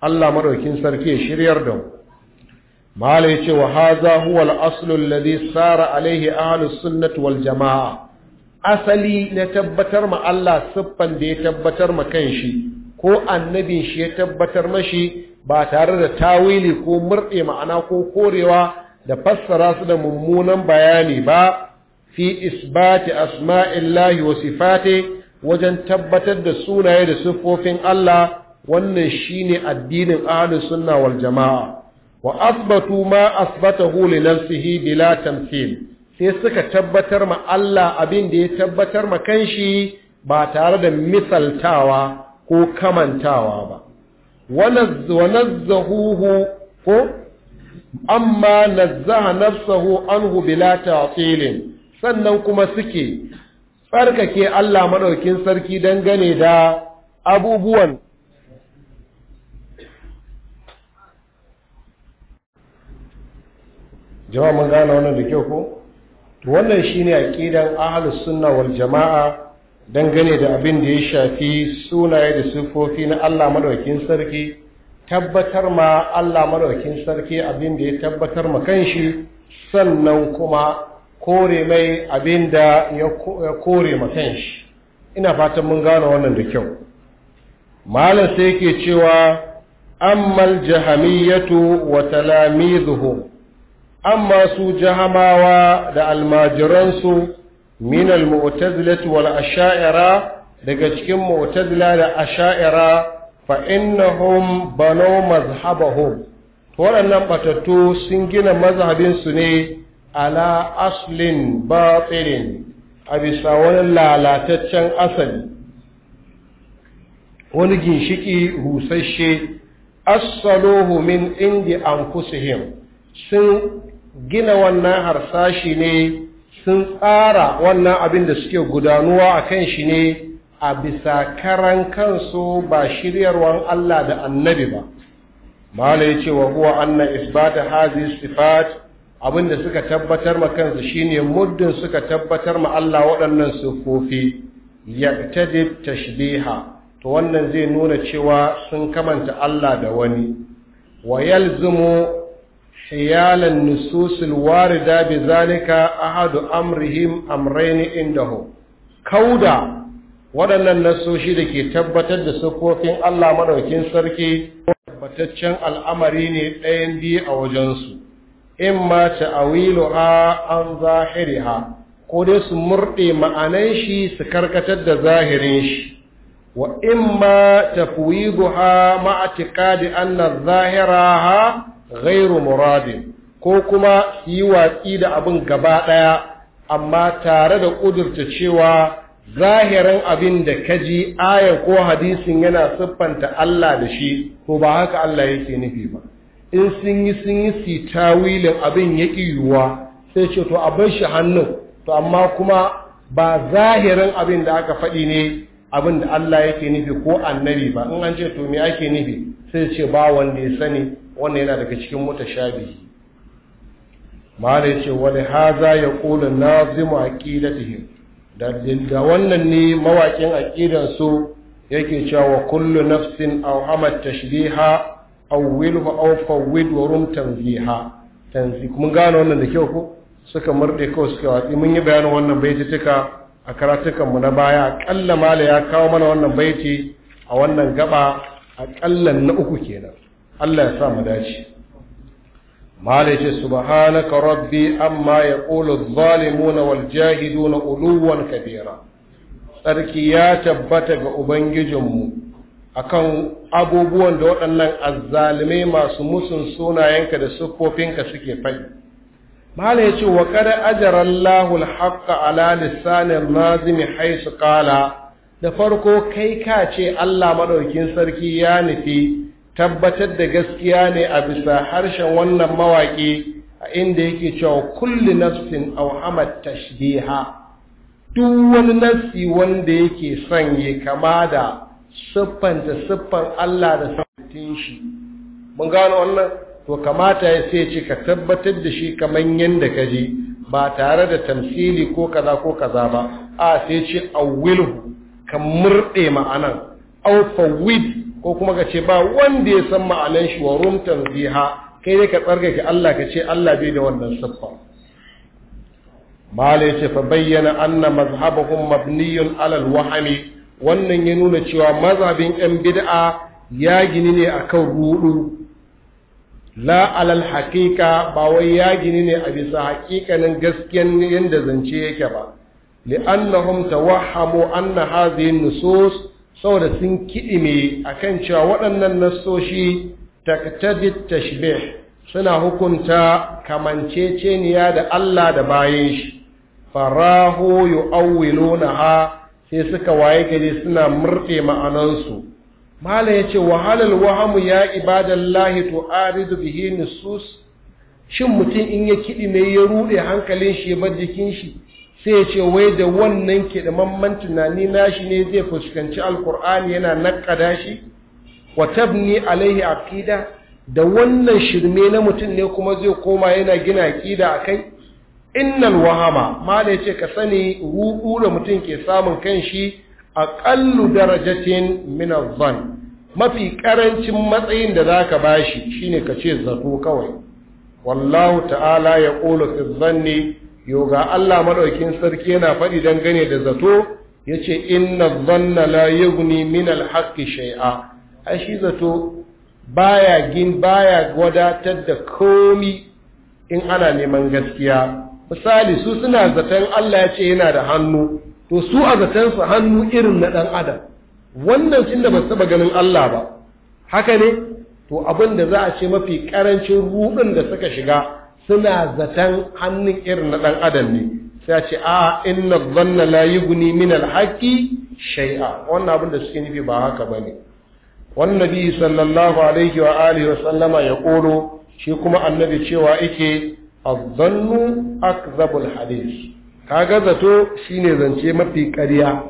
Speaker 1: Allah maɗaukin sarki ya shiryar da mu mala yace wa hadha huwa al alladhi sara alaihi ahlus sunnati wal jamaa asali na tabbatar ma Allah siffan da ya tabbatar ma kan shi, ko annabin shi ya tabbatar mashi ba tare da tawili ko murɗe ma'ana ko korewa da fassara su da mummunan bayani ba fi isbati asma'illahi wa sifati wajen tabbatar da sunaye da siffofin Allah wannan shine addinin ahlus sunna wal jama'a wa asbatu ma asbatahu li nafsihi bila tamthil sai suka tabbatar ma Allah abin da ya tabbatar ma kanshi ba tare da misaltawa ko kamantawa ba wa nazzahuhu ko amma nazzaha nafsahu anhu bila ta'tilin sannan kuma suke tsarkake Allah maɗaukin sarki dangane da abubuwan jama'a mun gane wannan da kyau ko wannan shine aqidan ahlus sunna wal jama'a dangane da abin da ya shafi sunaye da sufofi na Allah maɗaukin sarki tabbatar ma Allah maɗaukin sarki abin da ya tabbatar ma kanshi sannan kuma kore mai abin da ya kore makan shi ina fatan mun gano wannan da kyau malam sai yake cewa ammal jahamiyatu wa talamizuhu amma su jahamawa da almajiransu min almu'tazilati wal asha'ira daga cikin mu'tazila da asha'ira fa innahum banu mazhabahum waɗannan batattu sun gina mazhabinsu ne ala aslin batilin a bisa wani lalataccen asali wani ginshiki husashe, Asalohu min indi anfusihim sun gina wannan harsashi ne sun tsara wannan abin da suke gudanuwa a kan shi ne a bisa karan kansu ba shiryarwan Allah da annabi ba Malam ya ce wa huwa anna isbata hazi sifat abinda suka tabbatar ma kansu shine muddin suka tabbatar ma Allah waɗannan sufofi yaqtadi tashbiha to wannan zai nuna cewa sun kamanta Allah da wani wa yalzumu hiyalan nususil warida bi zalika ahadu amrihim amrayni indahu kauda waɗannan nasoshi da ke tabbatar da sufofin Allah maɗaukin sarki tabbataccen al'amari ne ɗayan biyu a wajensu in ma ta'awiluha an zahiriha ko dai su murɗe ma'anan shi su karkatar da zahirin shi wa in ma tafwiduha ma'a tiqadi zahira ha gairu muradin ko kuma su yi watsi da abin gaba ɗaya amma tare da ƙudurta cewa zahirin abin da kaji ayan ko hadisin yana siffanta Allah da shi ko ba haka Allah yake nufi ba in sun yi sun yi si tawilin abin ya yiwuwa sai ce to a shi hannun to amma kuma ba zahirin abin da aka faɗi ne abin da Allah yake nufi ko annabi ba in an ce to me ake nufi sai ce ba wanda ya sani wannan yana daga cikin mota mutashabihi mala ce wani haza ya kula nazimu aqidatihim da da wannan ne mawaƙin a su yake cewa kullu nafsin aw tashbiha awwilhu aw fawwid wa rum tanziha tanzi mun gane wannan da kyau ko suka murde kawai suka watsi mun yi bayanin wannan tuka a karatukan mu na baya akalla mala ya kawo mana wannan baiti a wannan gaba akalla na uku kenan Allah ya sa mu dace mala ce subhanaka rabbi amma yaqulu adh-dhalimuna wal jahiduna uluwan kabira sarki ya tabbata ga ubangijinmu akan abubuwan da waɗannan azzalimai masu musun sunayenka da siffofinka suke faɗi mala ya ce wa kada ajaran allahul haƙƙa ala lissanin nazimi haisu ƙala da farko kai ka ce allah maɗaukin sarki ya nufi tabbatar da gaskiya ne a bisa harshen wannan mawaƙi a inda yake cewa kulli nafsin auhamat tashbiha duk wani nafsi wanda yake son ya kama da siffanta siffan Allah da sautin shi mun gano wannan to kamata ya sai ce ka tabbatar da shi kaman yanda ka je ba tare da tamsili ko kaza ko kaza ba a sai ce awwilhu ka murde ma'anan aw fawid ko kuma ka ce ba wanda ya san ma'anan shi wa rum tanziha kai ne ka tsargake Allah ka ce Allah bai da wannan siffa malai ce fa bayyana anna mazhabuhum mabniyun alal wahami wannan ya nuna cewa mazabin yan bid'a ya gini ne kan rudu la alal haƙiƙa ba wai ya gini ne a bisa haƙiƙanin gaskiyan yanda zance yake ba li'annahum tawahhamu anna hadhihi nusus saboda sun kidime akan cewa waɗannan nassoshi taqtadi tashbih suna hukunta kamanceceniya da Allah da bayan shi farahu yu'awwilunaha sai suka waye gari suna murɗe ma'anansu mala ya ce wahalar wahamu ya lahi to aridu bihi sus. shin mutum in ya kiɗi ne ya ruɗe hankalin shi ya bar jikin shi sai ya ce wai da wannan kiɗimamman tunani nashi ne zai fuskanci alkur'ani yana naƙada shi wa tabni alaihi aqida da wannan shirme na mutum ne kuma zai koma yana gina a kai? innal wahama mala yace ka sani ruɗu da mutum ke samun kanshi a darajatin min adh mafi ƙarancin matsayin da za zaka bashi shine ka ce zato kawai wallahu ta'ala ya kula fi dhanni yoga Allah maɗaukin sarki yana faɗi dangane da zato yace inna dhanna la yughni min al-haqqi shay'a ai zato baya gin baya ta da komi in ana neman gaskiya misali su suna zaton Allah ya ce yana da hannu to su a zaton su hannu irin na dan adam wannan cin da ba taba ganin Allah ba haka ne to abin da za a ce mafi karancin rudin da suka shiga suna zaton hannun irin na dan adam ne sai a ce a inna dhanna la yughni min alhaki shai'a. wannan abin da suke nufi ba haka bane wannan nabi sallallahu alaihi wa alihi wa sallama ya koro shi kuma annabi cewa yake azzannu akzabul hadis kaga zato shine zance mafi ƙarya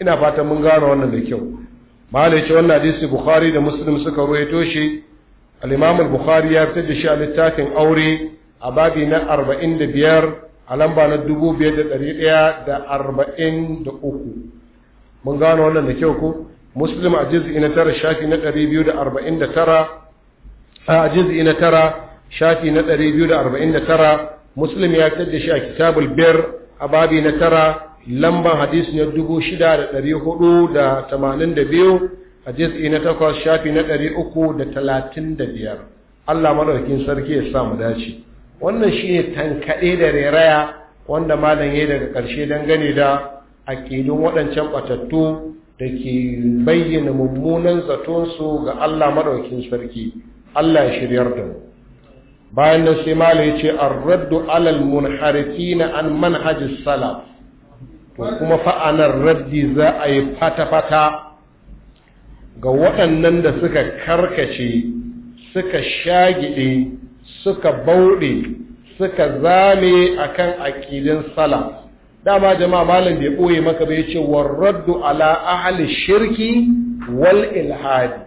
Speaker 1: ina fatan mun gano wannan da kyau malai ce wannan hadisi bukhari da muslim suka ruwaito shi al-imam al-bukhari ya fitar da shi a littafin aure a babi na 45 a lamba na 2143 mun gano wannan da kyau ko muslim a juz'i na tara shafi na 249 a juz'i na tara shafi na 249 muslim ya fitar da shi a kitabul bir a babi na tara lamban hadisi na 6482 hadisi na takwas shafi na 335 Allah madaukakin sarki ya sa mu dace wannan shine tankade da reraya wanda malam yayi daga karshe dangane da aqidun waɗancan batattu da ke bayyana mummunan zaton su ga Allah maɗaukin sarki Allah ya shiryar da mu bayan nan sai mala ya ce raddu alal na an manhajin salaf to kuma fa'anar raddi za a yi fata-fata ga waɗannan da suka karkace suka shagide suka bauɗe suka zame akan aƙidin salaf dama jama'a malam bai ɓoye maka bai ce raddu ala ahli shirki wal ilhadi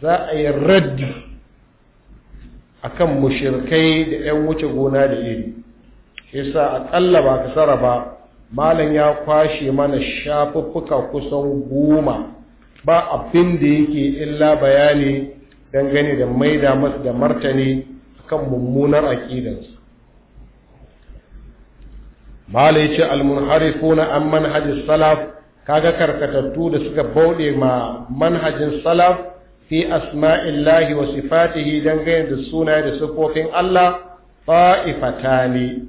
Speaker 1: za a yi raddi akan mushirkai da 'yan wuce gona da iri yasa akalla ba ka sara ba malam ya kwashe mana shafuffuka kusan goma ba abin da yake illa bayani dangane da maida masu da martani akan mummunar aƙidansu malam ya ce almunharifuna an manhajin salaf kaga karkatattu da suka bauɗe ma manhajin salaf fi asma'illahi wa sifatihi dangane da suna da siffofin Allah ne.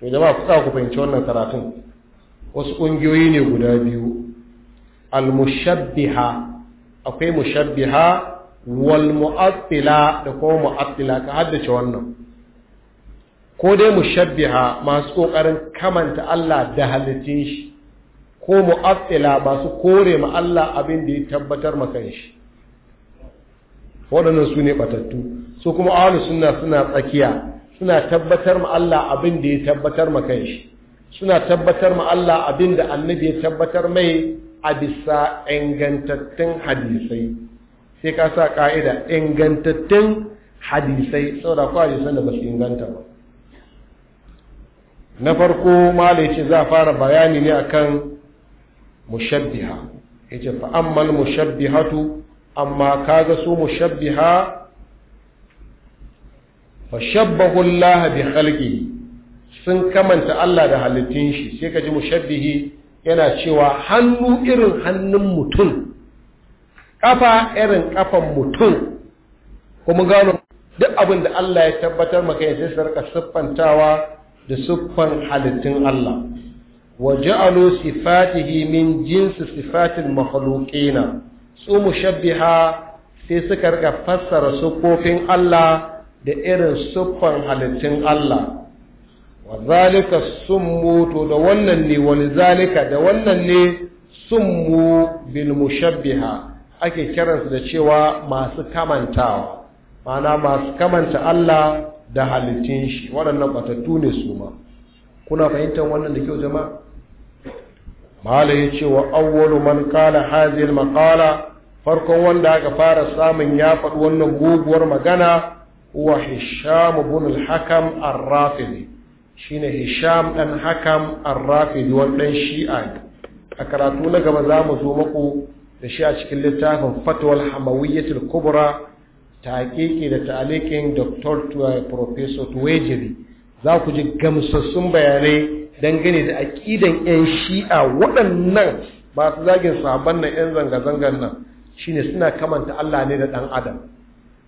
Speaker 1: to jama'a ku tsaka ku fahimci wannan karatun wasu ƙungiyoyi ne guda biyu al-mushabbiha akwai mushabbiha wal mu'attila da kuma mu'attila ka haddace wannan ko dai mushabbiha masu ƙoƙarin kamanta Allah da halittun shi ko mu'attila masu kore ma Allah abin da ya tabbatar maka shi waɗannan su ne batattu su kuma ahlu suna suna tsakiya suna tabbatar ma Allah abin da ya tabbatar ma shi, suna tabbatar ma Allah abin da annabi ya tabbatar mai a bisa ingantattun hadisai sai ka sa ka'ida ingantattun hadisai saboda ko hadisan da ba inganta ba na farko malai ce za a fara bayani ne akan mushabbiha yace fa ammal mushabbihatu amma ka ga su mushabbiha fa shabbahu Allah bi khalqihi sun kamanta Allah da halittun shi sai ka ji mushabbihi yana cewa hannu irin hannun mutum kafa irin kafan mutum kuma gano duk abin da Allah ya tabbatar maka ya sai sarka siffantawa da siffan halittun Allah wa ja'alu sifatihi min jinsi sifatil makhluqina su mushabbiha sai suka rika fassara sukofin Allah da irin siffan halittun Allah wa zalika summu to da wannan ne wani zalika da wannan ne summu bil mushabbiha ake kiransu da cewa masu kamantawa mana masu kamanta Allah da halittun shi waɗannan batattu ne su ma kuna fahimtar wannan da kyau jama'a mala ya ce wa awwalu man qala hadhihi al farkon wanda aka fara samun ya faɗi wannan guguwar magana wa hisham ibn al-hakam ar-rafidi shine hisham dan hakam ar-rafidi wannan shi'a a karatu na gaba za mu zo muku da shi a cikin littafin fatwal hamawiyyatul kubra taƙiƙi da ta'alikin dr professor tuwejiri za ku ji gamsassun bayanai dangane da aƙidan 'yan shi'a waɗannan masu zagin sabon na 'yan zanga-zangan nan ne suna kamanta Allah ne da ɗan adam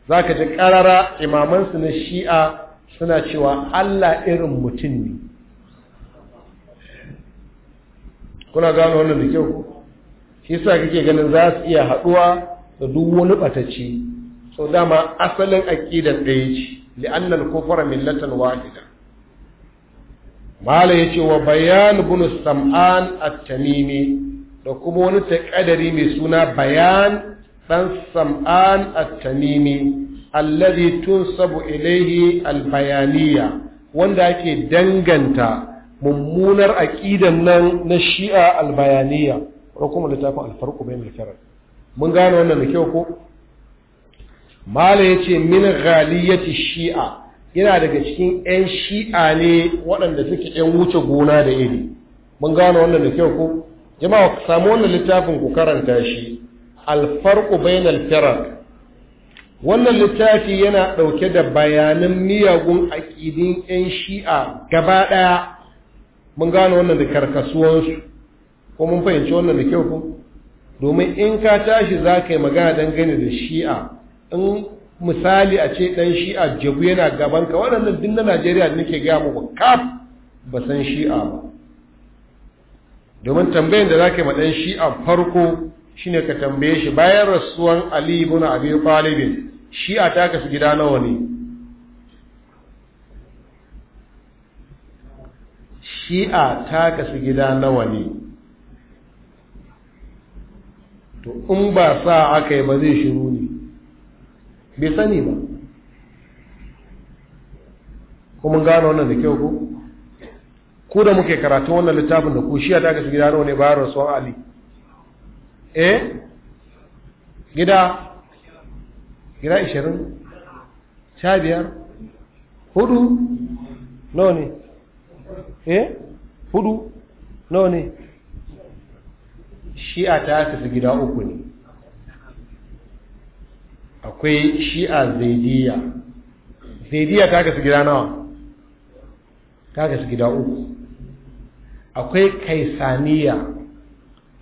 Speaker 1: za ka ji ƙarara imamansu na shi'a suna cewa Allah irin mutum ne kuna gano wannan da kyau shi sa kake ganin za su iya haɗuwa da duk wani ɓatacci sau dama asalin aƙidan ɗaya ce ko fara millatan wahida mala ya ce wa bayan bunus sam'an at-tamimi da kuma wani taƙadari mai suna bayan ɗan sam'an at-tamimi allazi tunsabu ilaihi al-bayaniya wanda ake danganta mummunar aqidan nan na shi'a al-bayaniya ko kuma littafin al-farqu bainal karar mun gane wannan da kyau ko mala yace min ghaliyati shi'a yana daga cikin ƴan shi'a ne waɗanda suke ƴan wuce gona da iri mun gane wannan da kyau ko jama'a ku samu wannan littafin ku karanta shi alfarku bainal firaq wannan littafi yana ɗauke da bayanan miyagun aqidin 'yan shi'a gaba ɗaya mun gano wannan da karkasuwansu ko mun fahimci wannan da kyau ko domin in ka tashi za magana dangane da shi'a in misali a ce ɗan shi'a jagu yana gaban gabanka waɗannan duk na najeriya da nake gaya muku kaf ba san shi'a ba domin tambayin da zaka ma shi a farko shine ka tambaye shi bayan rasuwan Ali ibn Abi Talib shi a taka su gida nawa ne shi a taka su gida nawa ne to in ba sa aka yi ba zai shiru ne bai sani ba kuma gano wannan da kyau ko ku da muke karatu wannan littafin da ku shi ta gasu gida nawa ne bayan rasuwan ali eh gida gida 20 sha hudu nawa ne eh hudu nawa ne shi'a ta tafi gida uku ne akwai shi'a zaidiya zaidiya ta kasu gida nawa ta kasu gida uku akwai kaisaniya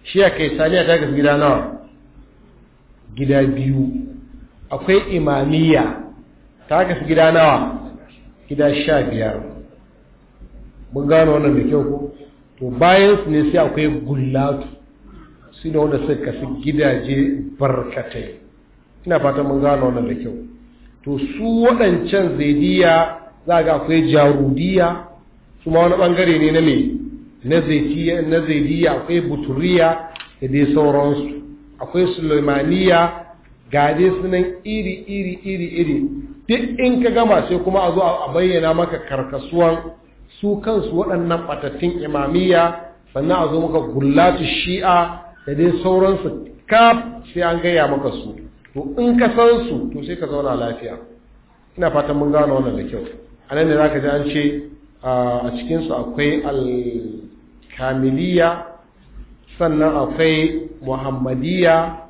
Speaker 1: shi a kaisaniya ta kasu gida nawa gida biyu akwai imamiya ta kasu gida nawa gida sha biyar mun gano wannan da kyau ko to bayan su ne sai akwai gullatu su ne wanda suka kasu gidaje barkatai ina fatan mun gano wannan da kyau to su waɗancan zaidiya za ga akwai jarudiya su ma wani ɓangare ne na me na akwai buturiya da dai sauransu akwai sulaimaniya ga dai sunan iri iri iri iri duk in ka gama sai kuma a zo a bayyana maka karkasuwan su kansu waɗannan batattun imamiyya sannan a zo maka gullatu shi'a da dai sauransu kaf sai an gaya maka su to in ka san su to sai ka zauna lafiya ina fatan mun gano wannan da kyau a nan ne za ka ji an ce a cikinsu akwai al kamiliya sannan akwai muhammadiya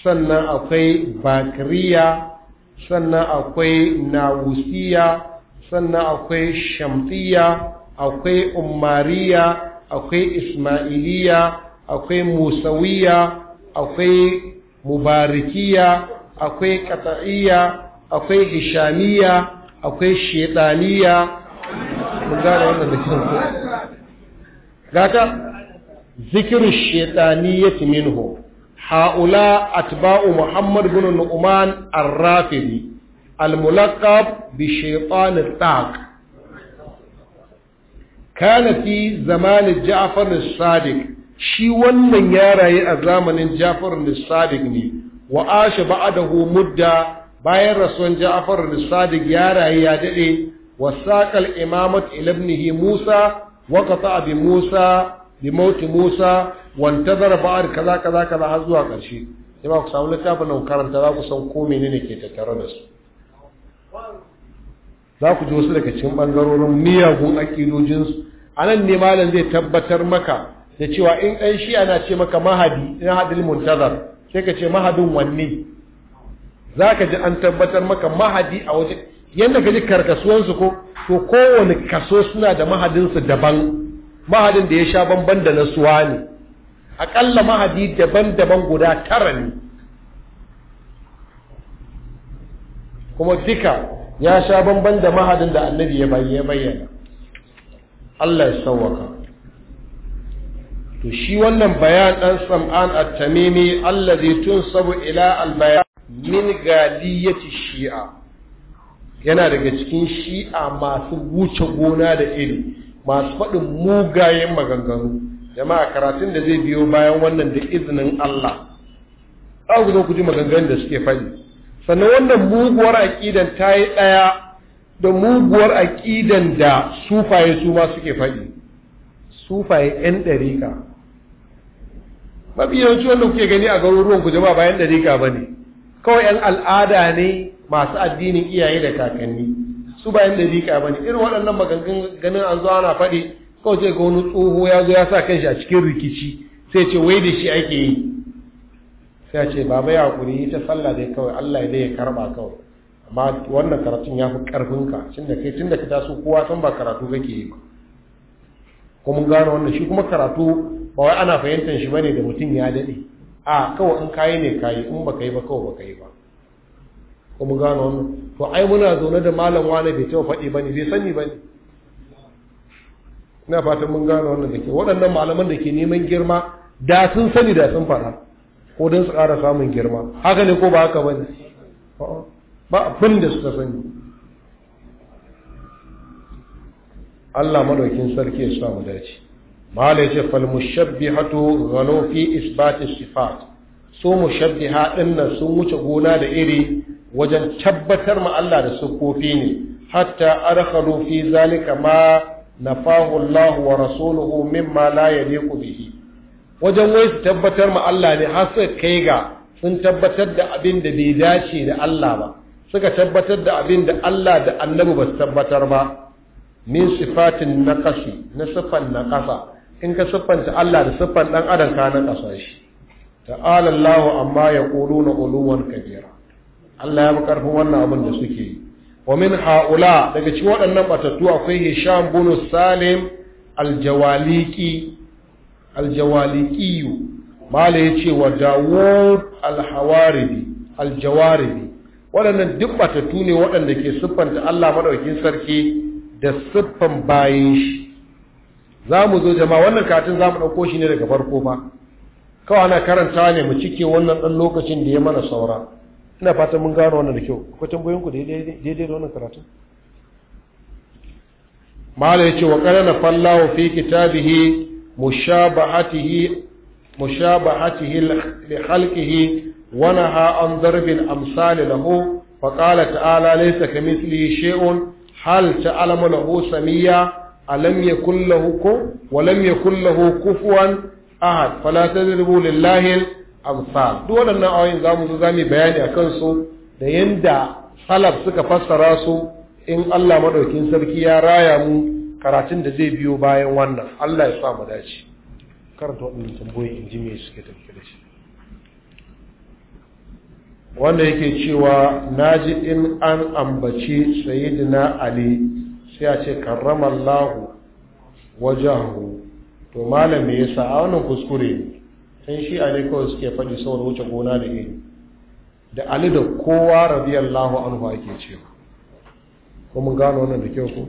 Speaker 1: sannan akwai bakiriya sannan akwai nawusiya sannan akwai shamsiya akwai umariya akwai ismailiya akwai musawiya akwai mubarikiya akwai kata'iya akwai hishamiya akwai shedaniya mun gane wannan da kyau shaitani zikiru shaitaniyati minhu haula atba'u muhammad bin nu'man ar-rafidi الملقب بشيطان الطاق كان في ja'far جعفر Sadiq shi wannan yaraye a zamanin Ja'far al-Sadiq ne wa asha ba'dahu mudda bayan rasuwan Ja'far al-Sadiq yaraye ya dade wa imamat ibnihi Musa وقطع بموسى بموت موسى وانتظر بعد كذا كذا كذا har zuwa ƙarshe sai ba ku samu littafin nan karanta za ku san ko menene ke tattare da su za ku ji wasu daga cikin bangarorin miyagun aƙidojinsu a nan ne malam zai tabbatar maka da cewa in ɗan shi ana ce maka mahadi ina hadil muntazar sai ka ce mahadin wanne za ka ji an tabbatar maka mahadi a wajen yadda ka ji karkasuwansu ko to kowane kaso suna da mahadinsu daban mahadin da ya sha bamban da na suwa ne aƙalla mahadi daban-daban guda tara ne kuma duka ya sha bamban da mahadin da annabi ya bayyana Allah ya sauwaka to shi wannan bayan ɗan sam'an a tamimi allazi sabu ila al-bayan min ci shi'a yana daga cikin shi'a masu wuce gona da iri masu faɗin mugayen maganganu jama'a karatun da zai biyo bayan wannan da izinin Allah za ku zo ku ji maganganun da suke faɗi sannan wannan muguwar aƙidan ta yi ɗaya da muguwar aƙidan da sufaye su ma suke faɗi sufaye 'yan ɗarika mafi yawanci wanda kuke gani a garuruwan ku jama'a bayan ɗarika ba ne kawai 'yan al'ada ne masu addinin iyaye da kakanni su bayan da rika bane irin waɗannan magangan ganin an zo ana faɗi kawai sai ga wani tsoho ya zo ya sa kanshi a cikin rikici sai ce wai da shi ake yi sai ce baba ya hakuri ta sallah dai kawai Allah ya ya karba kawai amma wannan karatun ya fi karfinka tunda kai tunda ka taso kowa san ba karatu kake yi ba ko mun gano wannan shi kuma karatu ba wai ana fahimtar shi bane da mutum ya dade a kawai in kayi ne kayi in baka yi ba kawai baka yi ba ko mun gano wannan to ai muna zaune da malam wane bai taɓa faɗi ba ne bai sani ba ne ina fatan mun gano wannan da ke waɗannan malaman da ke neman girma da sun sani da sun faɗa ko don su ƙara samun girma haka ne ko ba haka ba ne ba abin da suka sani Allah madaukin sarki ya sa mu dace malai ce fal mushabbihatu ghalo fi isbati sifat su mushabbiha nan sun wuce gona da iri wajen tabbatar ma Allah da sukofi ne hatta adkhalu fi zalika ma nafahu Allah wa rasuluhu mimma la yaliqu bihi wajen wai su tabbatar ma Allah ne har suka kai ga sun tabbatar da abin da bai dace da Allah ba suka tabbatar da abin da Allah da Annabi ba su tabbatar ba min sifatin naqasi na sifan naqasa in ka siffanta Allah da siffan dan adam ka naqasa shi ta'ala Allah amma yaquluna uluwan kabira Allah ya bi karfin wannan abin da suke yi wa min haula daga cikin waɗannan batattu akwai Hisham bin Salim al-Jawaliki al-Jawaliki mala yace wa Dawud al hawaridi al jawaridi waɗannan duk batattu ne waɗanda ke siffanta Allah madaukakin sarki da siffan bayin shi za mu zo jama'a wannan katin za mu ɗauko shi ne daga farko ba kawai ana karanta ne mu cike wannan ɗan lokacin da ya mana saura ina fatan mun gano wannan da kyau akwai tambayoyin ku daidai da wannan karatu mala yace wa qala fallahu fi kitabihi mushabahatihi mushabahatihi li khalqihi wa naha an darbil amsal lahu fa qala ta'ala laysa kamithlihi shay'un hal ta'lamu lahu samia alam yakul lahu ku wa lam yakul lahu kufuwan ahad fala tadribu lillahi amsal duk waɗannan ayoyin za mu zo za mu bayani a kansu da yanda salaf suka fassara su in Allah maɗaukin sarki ya raya mu karatun da zai biyo bayan wannan Allah ya sa mu dace karanta waɗannan tambayoyi in ji me suke tafi da shi wanda yake cewa naji in an ambace sayyidina ali sai a ce karramallahu wajahu to malam me yasa a wannan kuskure ne ɗan shi a ne kawai suke faɗi saboda wuce gona da iri da ali da kowa radiyallahu anhu ake cewa ko mun gano wannan da kyau ku.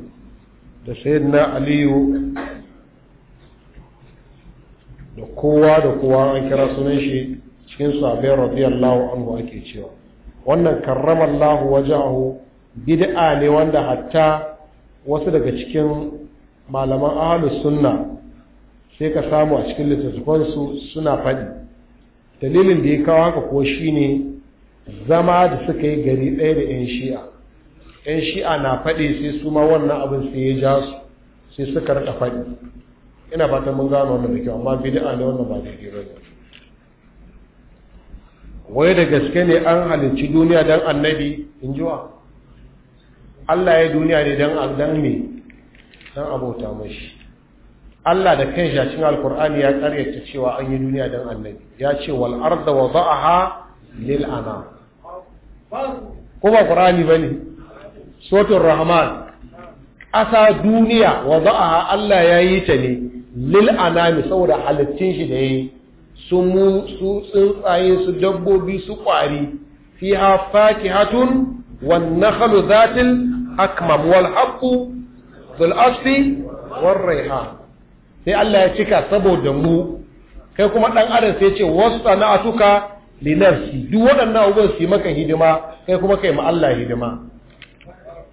Speaker 1: da na aliyu da kowa da kowa an kira sunan shi cikin sahabbai radiyallahu anhu ake cewa wannan waje ahu bid'a ne wanda hatta wasu daga cikin malaman ahalus sunna sai ka samu a cikin littattafansu suna faɗi dalilin da ya kawo haka ko shine zama da suka yi gari ɗaya da 'yan shi'a 'yan shi'a na faɗi sai su ma wannan abin sai ya ja su sai suka rika faɗi ina fatan mun gano wannan da kyau amma bid'a ne wannan ba
Speaker 2: daidai ba ne
Speaker 1: wai da gaske ne an halicci duniya don annabi in jiwa Allah ya duniya ne dan ne don abota mashi Allah da kan shacin alkur'ani ya karyata cewa an yi duniya don annabi ya ce wal arda wa za'aha lil ana ko ba ne, bane rahman ƙasa duniya wa za'aha Allah ya yi ta ne lil anami saboda halittun shi da yi, su mu su tsuntsaye su dabbobi su kwari fiha fakihatun wan nakhlu zatin akmam wal haqqu dhul asfi war sai Allah ya cika saboda mu kai kuma dan adam sai ya ce wasana'atuka li nafsi duk waɗannan abubuwan su yi maka hidima kai kuma kai ma Allah hidima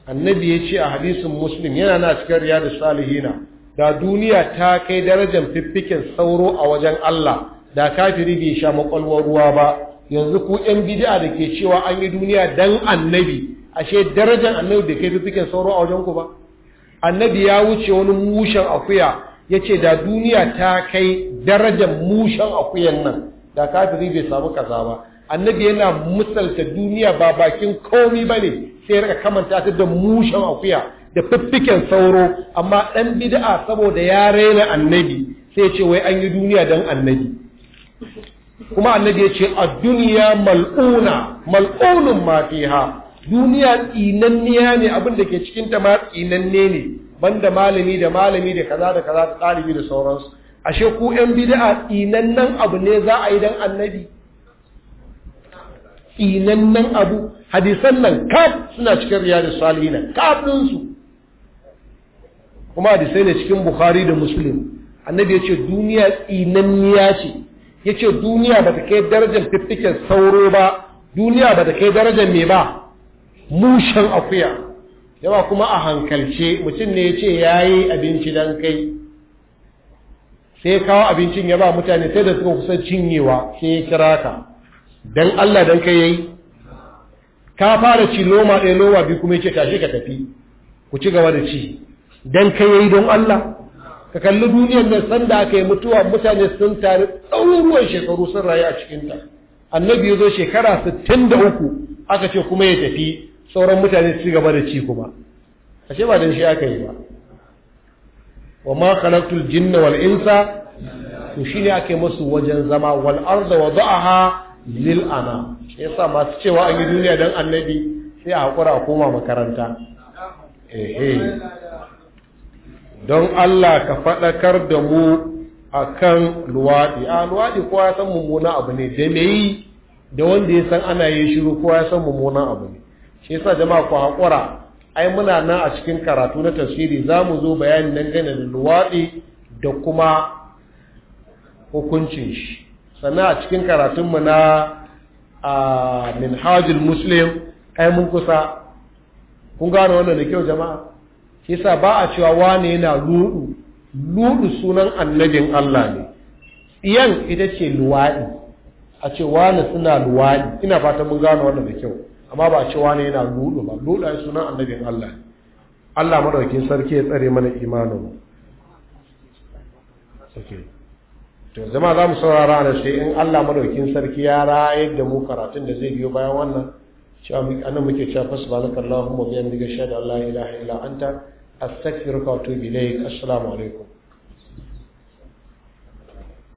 Speaker 1: annabi ya ce a hadisin muslim yana na cikin riyadu salihina da duniya ta kai darajar fiffikin sauro a wajen Allah da kafiri bai sha makwalwar ruwa ba yanzu ku yan bid'a da ke cewa an yi duniya dan annabi ashe darajar annabi da kai fiffikin sauro a wajen ku ba annabi ya wuce wani mushen akuya ya ce da duniya ta kai darajar mushen akuyan nan da kafiri bai samu kaza ba annabi yana misalta duniya ba bakin komi ba ne sai rika kamanta ta da mushen akuya da fiffiken sauro amma ɗan bid'a saboda ya raina annabi sai ce wai an yi duniya don annabi kuma annabi ya ce a duniya mal'una mal'unun mafiha duniya tsinanniya ne abinda ke cikinta ma tsinanne ne banda malami da malami da kaza da kaza da ɗalibi da sauransu ashe ku yan bid'a nan abu ne za a yi dan annabi nan abu hadisan nan kaf suna cikin riyadu salihina kafin su kuma hadisai ne cikin bukhari da muslim annabi ya ce duniya tsinanniya ce ya ce duniya ba ta kai darajar fiffiken sauro ba duniya ba ta kai darajar me ba mushen akuya yawa kuma a hankalce mutum ne ya ce ya yi abinci don kai sai kawo abincin ya ba mutane sai da suka kusa cinyewa sai ya kira ka don Allah don kai ya yi ka fara ci loma ɗaya lowa biyu kuma ya ce tashi ka tafi ku ci gaba da ci don kai ya yi don Allah ka kalli duniyar nan sanda aka yi mutuwa mutane sun tare ɗauruwan shekaru sun rayu a cikinta annabi ya zo shekara 63 aka ce kuma ya tafi sauran mutane su gaba da ci kuma ashe ba don shi aka yi ba wa ma khalaqtul jinna wal insa to shine ake musu wajen zama wal arda da'aha lil ana yasa masu cewa an yi duniya dan annabi sai a hakura a koma makaranta eh eh don Allah ka faɗakar da mu akan luwaɗi a luwaɗi kowa ya san mummuna abu ne da me yi da wanda ya san ana yi shiru kowa ya san mummuna abu ne shi yasa jama'a ku haƙura ai muna nan a cikin karatu na tafsiri za mu zo bayani dangane da luwaɗi da kuma hukuncin shi sannan a cikin karatunmu na a muslim ai mun kusa kun gane wannan da kyau jama'a shi yasa ba a cewa wane yana luɗu luɗu sunan annabin Allah ne Iyan ita ce luwaɗi a ce wane suna luwaɗi ina fatan mun gane wannan da kyau amma ba cewa ne yana lulu ba lulu ya sunan annabin Allah Allah madaukakin sarki ya tsare mana imanin sake to zama za mu saurara da sai in Allah madaukin sarki ya rayar da mu karatun da zai biyo bayan wannan cewa annan muke cewa fasbalaka Allahumma bihamdika shada la ilaha illa anta astaghfiruka wa atubu ilaik assalamu alaikum